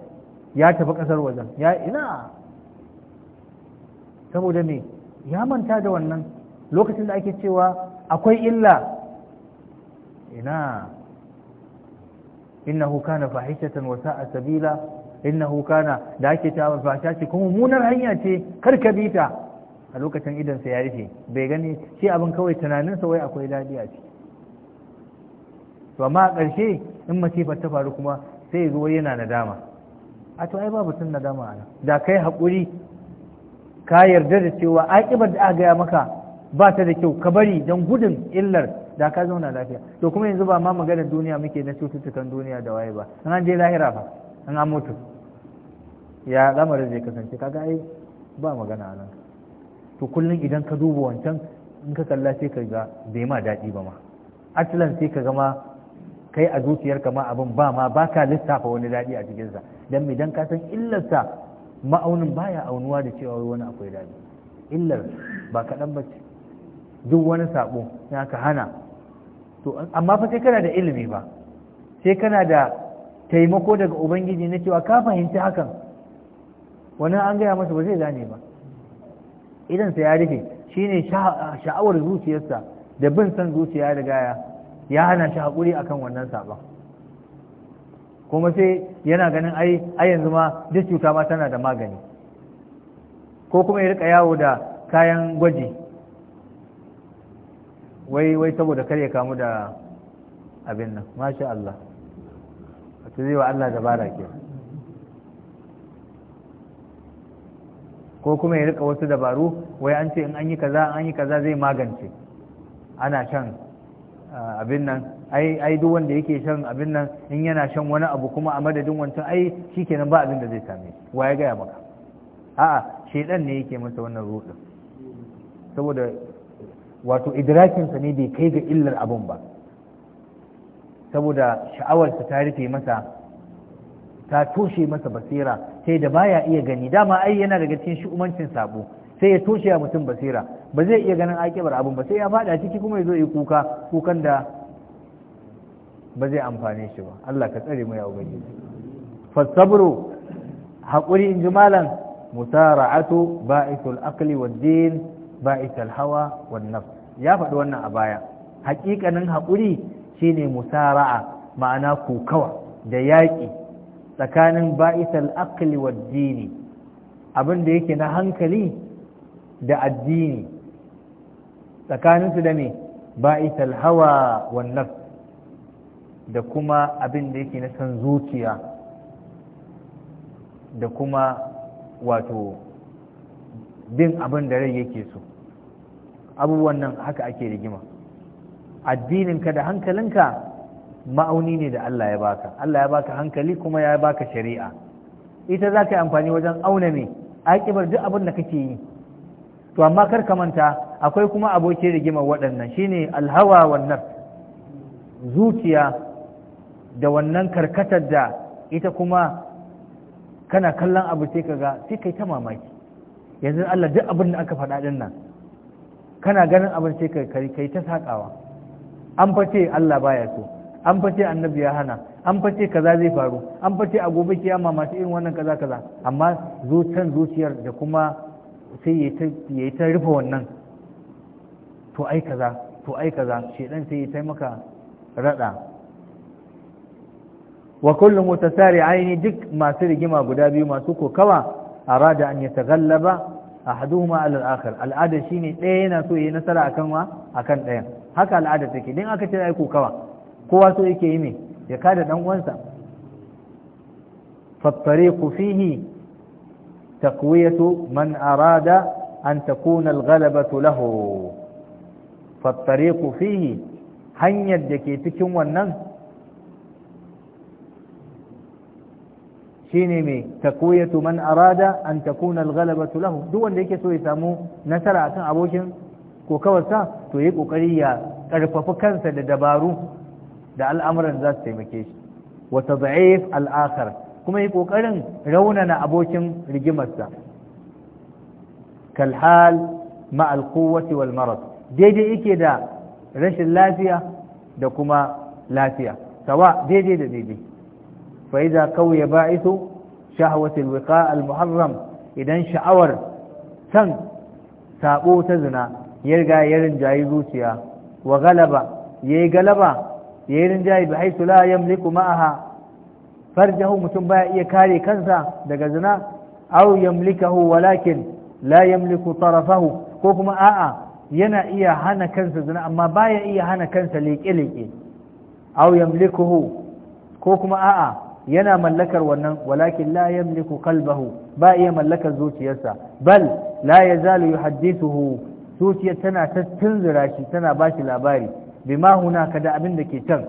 ya tafi ƙasar wajen ya ina saboda me ya manta da wannan lokacin da ake cewa akwai illa ina innahu kana fahishatan wa sa'a sabila innahu kana da ake ta fasha ce kuma munar hanya ce kar ka bi ta a lokacin idan sa ya rufe bai gani shi abin kawai tunanin sa wai akwai daɗi a to amma a ƙarshe in masifar ta faru kuma sai ya zo yana nadama a to ai babu tun nadama ana da kai haƙuri ka yarda da cewa aƙibar da aka gaya maka ba ta da kyau ka bari don gudun illar da ka zauna lafiya to kuma yanzu ba ma magana duniya muke na cututtukan duniya da waye ba an je lahira fa an an mutu ya lamarin zai kasance ka ga ba magana nan to kullum idan ka duba wancan in ka kalla sai ka ga bai ma daɗi ba ma atlan sai ka gama kai a zuciyarka ma abin ba ma ba ka lissafa wani daɗi a cikinsa don idan ka san illarsa ma'aunin baya aunuwa da cewa wani akwai daɗi illar ba kaɗan ba ce duk wani saɓo ya ka hana to amma fa sai kana da ilimi ba sai kana da taimako daga ubangiji na cewa ka fahimci hakan wani an gaya masa ba zai gane ba idan sa ya rufe shine sha'awar zuciyarsa da bin son zuciya da gaya ya hana shi haƙuri akan wannan saɓon kuma sai yana ganin ai ai yanzu ma duk cuta ma tana da magani ko kuma ya rika yawo da kayan gwaji wai wai saboda kar ya kamu da abin nan masha Allah wato zai wa Allah dabara ke ko kuma ya rika wasu dabaru wai an ce in an yi kaza an yi kaza zai magance ana shan ah, abin nan ai ai duk wanda yake shan abin nan in yana shan wani abu kuma a madadin wancan ai shi kenan ba abin da zai same wa ya gaya maka a'a shedan ne yake masa wannan ruɗin saboda wato idrakinsa ne bai kai ga illar abun ba saboda sha'awarsa ta rufe masa ta toshe masa basira sai da baya iya gani dama ai yana daga cikin shi'umancin sabo sai ya toshe mutum basira ba zai iya ganin akibar abun ba sai ya fada ciki kuma ya zo ya kuka kukan da ba zai amfane shi ba Allah ka tsare mu ya ubangiji fasabru haƙuri in ji malam musara'atu ba'isul aqli wad din ba'isul hawa wan nafs ya faɗi wannan a baya haƙiƙanin haƙuri shine musara'a ma'ana kokawa da yaƙi tsakanin ba'isul aqli wad abin da yake na hankali da addini tsakaninsu da me ba'isul hawa wan nafs da kuma abin da yake na san zuciya da kuma wato bin abin da rai yake so abubuwan nan haka ake rigima addininka da hankalinka ma'auni ne da Allah ya baka Allah ya baka hankali kuma ya baka shari'a ita za ka yi amfani wajen auna me kibar duk abin da kake yi to amma kar ka manta akwai kuma abokin rigimar waɗannan shine alhawa wannan zuciya da wannan karkatar da ita kuma kana kallon abu sai ka ga sai kai ta mamaki yanzu Allah duk abin da aka faɗa din nan kana ganin abin sai ka kai ta sakawa an fice Allah baya so an fice annabi ya hana an fice kaza zai faru an fice a gobe kiyama masu irin wannan kaza kaza amma zuciyar zuciyar da kuma sai ya yi ta rufe wannan to ai kaza to ai kaza shedan sai ya taimaka rada wa kullum tsari aini duk masu rigima guda biyu masu kokawa arada an yataghallaba ahaduhuma ala al-akhar al'ada shine ɗaya yana so yi nasara akan wa akan ɗayan haka al'ada take din aka ce ai kokawa kowa so yake yi ne ya kada dan uwansa fa at fihi takwiyatu man arada an ta al-ghalabatu lahu Fattare ku fihi hanyar da ke cikin wannan shine mai takwiyatu man arada an takuna al lahu duk wanda yake so ya samu nasara akan abokin kokawarsa, to yayi kokari ya karfafa kansa da dabaru da al'amuran za su taimake shi wa tad'if al-akhar kuma yayi kokarin raunana abokin rigimarsa kal hal ma al-quwwati wal marad daidai yake da rashin lafiya da kuma lafiya sawa daidai da daidai فإذا قوي باعث شهوة الوقاء المحرم إذا شعور سن سابو تزنا يرجى يرنجاي زوتيا وغلب يغلب يرنجاي بحيث لا يملك معها فرجه متن يكاري كنسا daga zina aw yamlikahu walakin la yamliku tarafahu ko kuma a'a yana iya hana kansa zina amma baya iya hana kansa leke leke aw yamlikuhu ko kuma a'a yana mallakar wannan walakin la yamliku qalbahu ba iya mallakar zuciyarsa bal la yazalu yuhaddithuhu zuciyar tana ta tunzura shi tana ba shi labari bima hunaka da abin da ke can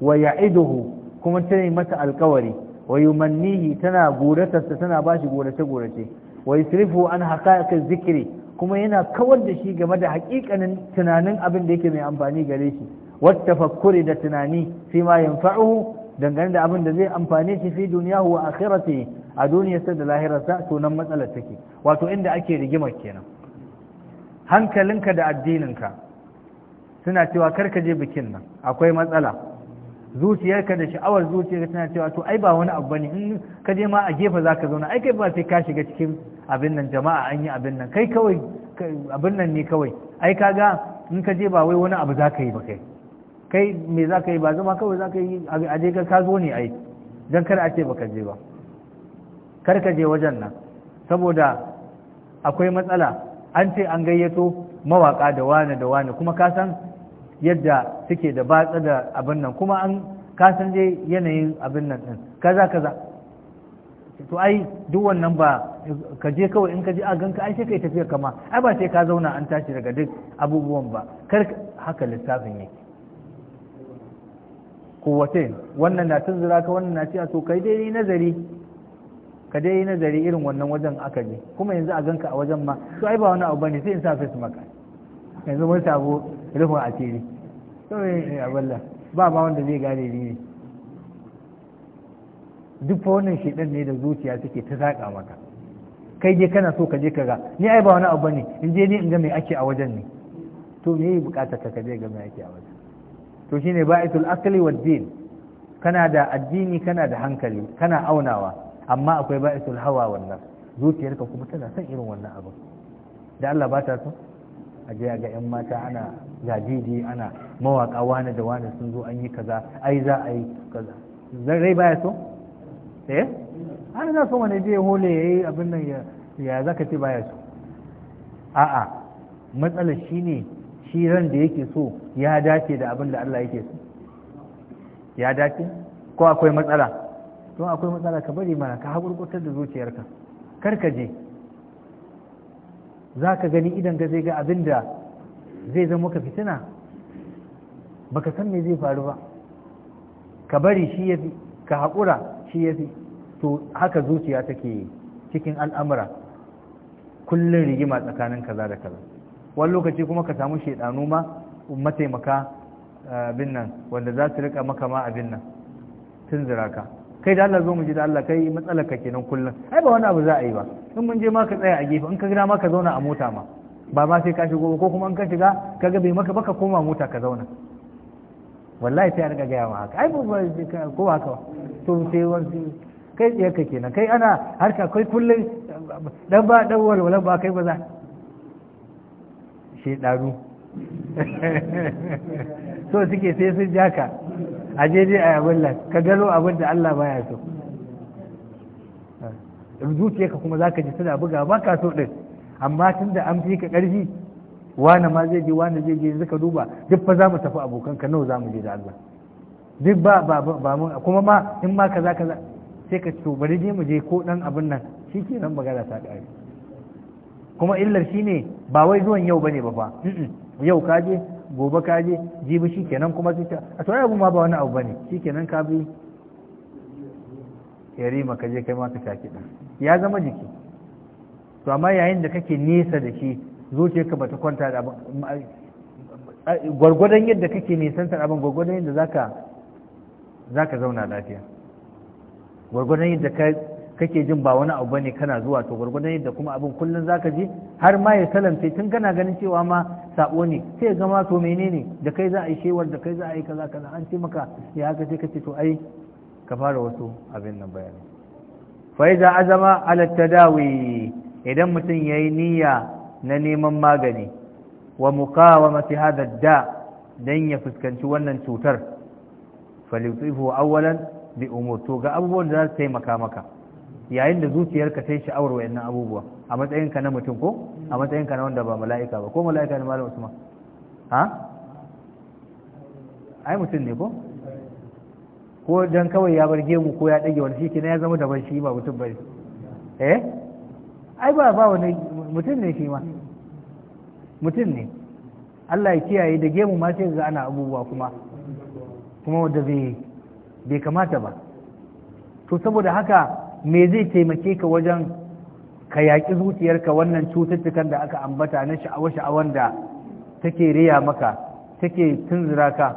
wa ya'iduhu kuma tana masa alkawari wa yumannihi tana goratarsa tana ba shi gorace gorace wa yusrifu an haqa'iqiz zikri kuma yana kawar da shi game da haƙiƙanin tunanin abin da yake mai amfani gare shi wa tafakkuri da tunani fi ma yanfa'uhu dangane da abin da zai amfane shi fi duniya wa akhirati a duniyarsa da lahirarsa to nan matsalar take wato inda ake rigimar kenan hankalinka da addininka suna cewa karka je bikin nan akwai matsala zuciyarka da sha'awar zuciyarka suna cewa to ai ba wani abu bane in ka je ma a gefe zaka zauna ai kai ba sai ka shiga cikin abin nan jama'a an yi abin nan kai kawai abin nan ne kawai ai kaga in ka je ba wai wani abu zaka yi ba kai kai me za ka yi ba zama kawai za ka yi a je ka zo ne ai don kar a ce ba ka je ba kar ka je wajen nan saboda akwai matsala an ce an gayyato mawaka da wane da wane kuma ka san yadda suke da batsa da abin nan kuma an ka san dai yanayin abin nan din kaza kaza to ai duk wannan ba ka je kawai in ka je a ganka ai sai kai tafiya kama ai ba sai ka zauna an tashi daga duk abubuwan ba kar haka littafin yake Kowace wannan na tunzura ka wannan na cewa to kai dai nazari ka dai nazari irin wannan wajen aka je kuma yanzu a ganka a wajen ma to ai ba wani abu bane sai in sa face maka yanzu mun sabo rufin asiri to eh balla ba ba wanda zai gane ni ne duk fa wannan shedan ne da zuciya take ta saka maka kai je kana so ka je ka ga ni ai ba wani abu bane in je ni in ga me ake a wajen ne to me yi bukatar ka ka je ga me ake a wajen to shine ba'itul akli wad din kana da addini kana da hankali kana aunawa amma akwai ba'itul hawa wannan zuciyarka kuma tana son irin wannan abu da Allah ba ta so a je ga yan mata ana gajiji ana mawaka wani da wani sun zo an yi kaza ai za a yi kaza zan rai baya so eh ana na so wani je hole yayi abin nan ya ya zaka ce baya so a'a matsalar shine shi ran da yake so ya dace da abin da Allah yake so ya dace ko akwai matsala don akwai matsala ka bari mana ka haƙurƙutar da zuciyarka kar ka je za ka gani idan ka zai ga abin da zai zama ka fitina ba ka san me zai faru ba ka bari shi ya fi ka haƙura shi ya fi to haka zuciya take cikin al'amura kullum rigima tsakanin kaza da kaza wani lokaci kuma ka samu shaidanu ma mataimaka eh, abin nan wanda za su rika maka ma abin nan tun ziraka kai da Allah zo mu ji da Allah kai matsalar ka kenan kullum ai ba wani abu za a yi ba in mun je ma ka tsaya a gefe in ka gida ma ka zauna a mota ma ba ma sai ka shigo ko kuma in ka shiga ka ga bai maka ba ka koma mota ka zauna wallahi sai an ga gaya ma haka ai ba ko ba haka to sai wani kai tsaye ka kenan kai ana harka kai kullum dan ba dan walwala ba kai ba za shedanu so suke sai sun jaka a jeje a yabin lan ka gano abin da Allah baya so zuciya ka kuma zaka ji suna buga ba ka so din amma tun da an fi ka ƙarfi wane ma zai je wane zai je yanzu ka duba duk fa za mu tafi abokan ka nawa za mu je da Allah duk ba ba mu kuma ma in ma kaza ka sai ka to bari je mu je ko dan abin nan shikenan magana ta ƙari kuma illar shi ne ba wai zuwan yau ba ne ba fa yau ka je gobe ka je jibi shikenan kuma sai a tsoron abu ma ba wani abu ba shi shikenan ka bi yarima ka je kai ma ka saki ya zama jiki to amma yayin da kake nesa da shi ka bata kwanta da abin gwargwadon yadda kake ta abin gwargwadon yadda za zaka zauna lafiya gwargwadon yadda ka kake jin ba wani abu bane kana zuwa to gwargwadon yadda kuma abin kullum zaka ji? har ma ya salamce tun kana ganin cewa ma sabo ne sai zama to menene da kai za a yi shewar da kai za a yi kaza kaza an ce maka ya haka sai kace to ai ka fara wasu abin nan bayani fa iza azama ala tadawi idan mutum ya yi niyya na neman magani wa muqawamati hada da dan ya fuskanci wannan cutar falyutifu awwalan bi umur to ga abubuwan da za su taimaka maka yayin da zuciyarka ta yi sha'awar wayannan abubuwa a matsayinka na mutum ko a matsayinka na wanda ba mala'ika ba ko mala'ika ne malam usman ha ai mutum ne ko ko dan kawai ya bar gemu ko ya dage wani shi ya zama daban shi ba mutum bane eh ai ba ba wani mutum ne shi ma mutum ne Allah ya kiyaye da gemu ma sai ga ana abubuwa kuma kuma wanda bai bai kamata ba to saboda haka me zai taimake ka wajen ka yaƙi zuciyarka wannan cututtukan da aka ambata na sha'awa-sha'awan da take riya maka take tunzura ka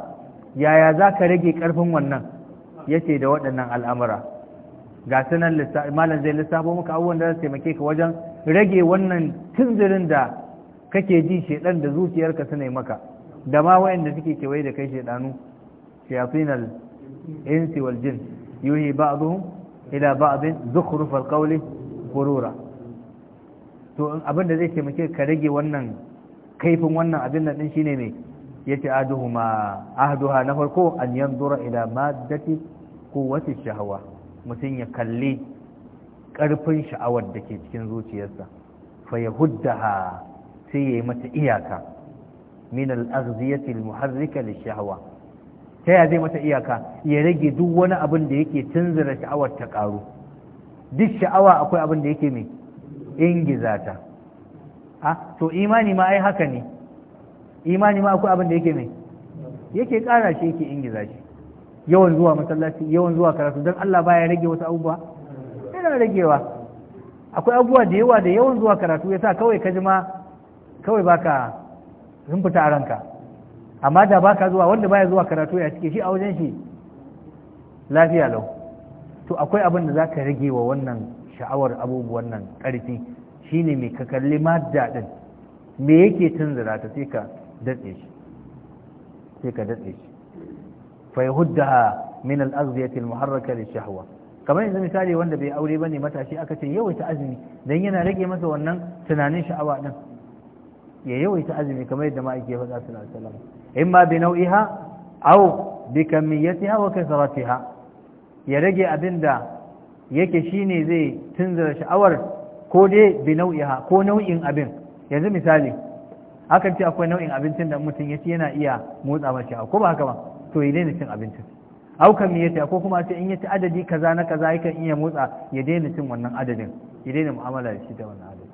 yaya za ka rage ƙarfin wannan Ya ce da waɗannan al'amura ga sanan malam zai lissafo muka abubuwan da za taimake ka wajen rage wannan tunzirin da kake ji shaidan da zuciyarka suna maka da ma wayanda suke kewaye da kai shaidanu shayatinal insi wal jin yuhi ba'dhum ila ba'din zukhruf alqawli gurura to abinda zai ce ka rage wannan kaifin wannan abin nan din shine me yace aduhuma ahduha na farko an yanzura ila maddati quwwati shahwa mutun ya kalli karfin sha'awar da ke cikin zuciyarsa fa yahuddaha sai yayi mata iyaka min al-aghdiyati al-muharrika lish-shahwa ta ya zai mata iyaka ya rage duk wani abin da yake tunzura sha'awar ta karu duk sha'awa akwai abin da yake mai ingiza ta a to imani ma ai haka ne imani ma akwai abin da yake mai yake kara shi yake ingiza shi yawan zuwa masallaci yawan zuwa karatu don Allah baya rage wasu abubuwa yana ragewa akwai abubuwa da yawa da yawan zuwa karatu yasa kawai ka jima kawai baka sun fita a ranka amma da ba ka zuwa wanda baya zuwa karatu ya cike shi a wajen shi lafiya lau to akwai abin da za ka rage wa wannan sha'awar abubuwan nan karfi shine mai ka kalli madda din me yake zira ta sai ka datse shi sai ka datse shi fa yahuddaha min al-aghdiyati al-muharraka lish-shahwa kamar yanzu misali wanda bai aure bane matashi aka ce yawaita azumi dan yana rage masa wannan tunanin sha'awa din ya yawaita azumi kamar yadda ma'aiki ya faɗa sallallahu alaihi In ma bi nau'iha au bi kai wa ha? ya rage abinda yake ne zai tunzara sha'awar ko dai bi nau'iha ko nau'in abin yanzu misali hakan ce akwai nau'in abincin da mutum ya ci yana iya motsa mashi ko ba haka ba to ya daina cin abincin au kamiyatiha ko kuma ce in ya ci adadi kaza na kaza yakan iya motsa ya daina cin wannan adadin ya daina mu'amala da shi da wannan adadin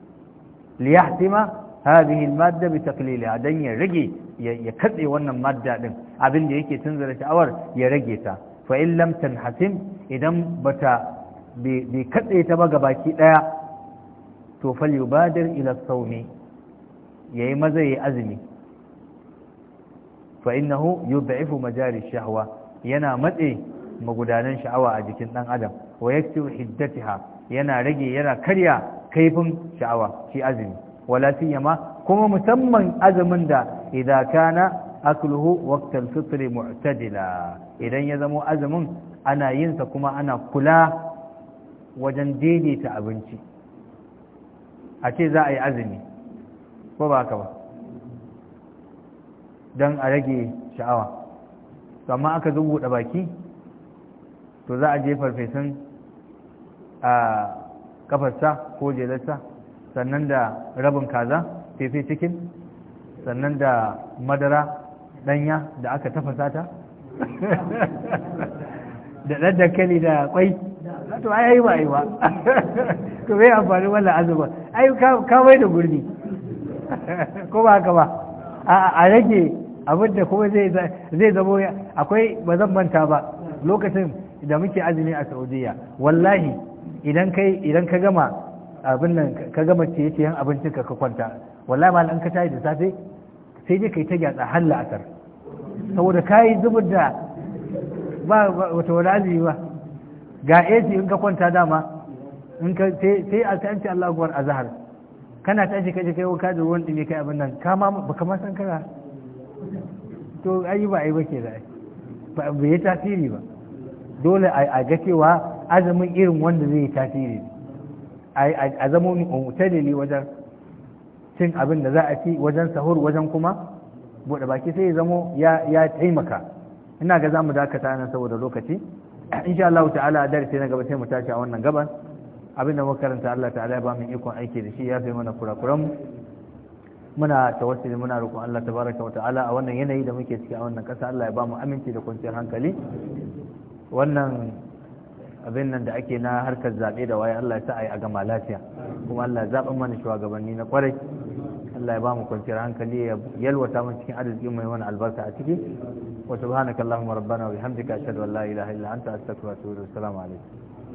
liyahtima hadhihi al-madda bi taqliliha dan ya rage ya katse wannan madda din abin da yake tunzura sha'awar ya rage ta fa in lam tanhasim idan bata bai katse ta ba gabaki daya to falyubadir ila sawmi yayi maza yayi azumi fa innahu yud'ifu majari shahwa yana matse magudanan sha'awa a jikin dan adam wa yaktu hiddatiha yana rage yana karya kaifin sha'awa shi azumi wala siyama kuma musamman azumin da idza kana akluhu waqtal fitr mu'tadila idan ya zamo azumin ana yin sa kuma ana kula wajen daidaita abinci a ce za a yi azumi ko ba haka ba don a rage sha'awa amma aka zubu da baki to za a je farfesan a kafarsa ko jelarsa sannan da rabin kaza fefe cikin sannan da madara danya da aka tafasa ta da ɗan dankali da kwai to ai yi ba yi ba to bai amfani wannan azuba ai kawai da gurbi ko ba haka ba a rage abin da kuma zai zamo akwai ba zan manta ba lokacin da muke azumi a saudiya wallahi idan ka gama abin nan ka gama ce yake yan abincin ka ka kwanta wallahi malam ka tayi da safe sai dai kai ta gyatsa halla asar saboda kai zubur da ba wata wani ba ga AC in ka kwanta dama in ka sai a tsanci Allah gwar azhar kana tashi kaje kai wanka da ruwan dumi kai abin nan ka ma ba kamar san kara to ayi ba ayi ba ke da ba ya tasiri ba dole a ga cewa azumin irin wanda zai tasiri a zamo mutadili wajen cin abin da za a ci wajen sahur wajen kuma buɗe baki sai ya zamo ya taimaka ina ga mu dakata nan saboda lokaci insha Allah ta'ala a darasi na gaba sai mu tashi a wannan gaban abin da muka karanta Allah ta'ala ya ba mu ikon aiki da shi ya fi mana kurakuran muna tawassuli muna roƙon Allah tabaraka wa ta'ala a wannan yanayi da muke ciki a wannan ƙasa Allah ya ba mu aminci da kwanciyar hankali wannan abin nan da ake na harkar zaɓe da waye Allah ya sa a yi a gama lafiya kuma Allah ya zaɓin mana shugabanni na kwarai Allah ya ba mu kwanciyar hankali ya yalwata mu cikin arziki mai wani albarka a ciki wa subhanakallahumma rabbana wa bihamdika ashhadu an la ilaha illa anta astaghfiruka wa atubu ilaik assalamu alaikum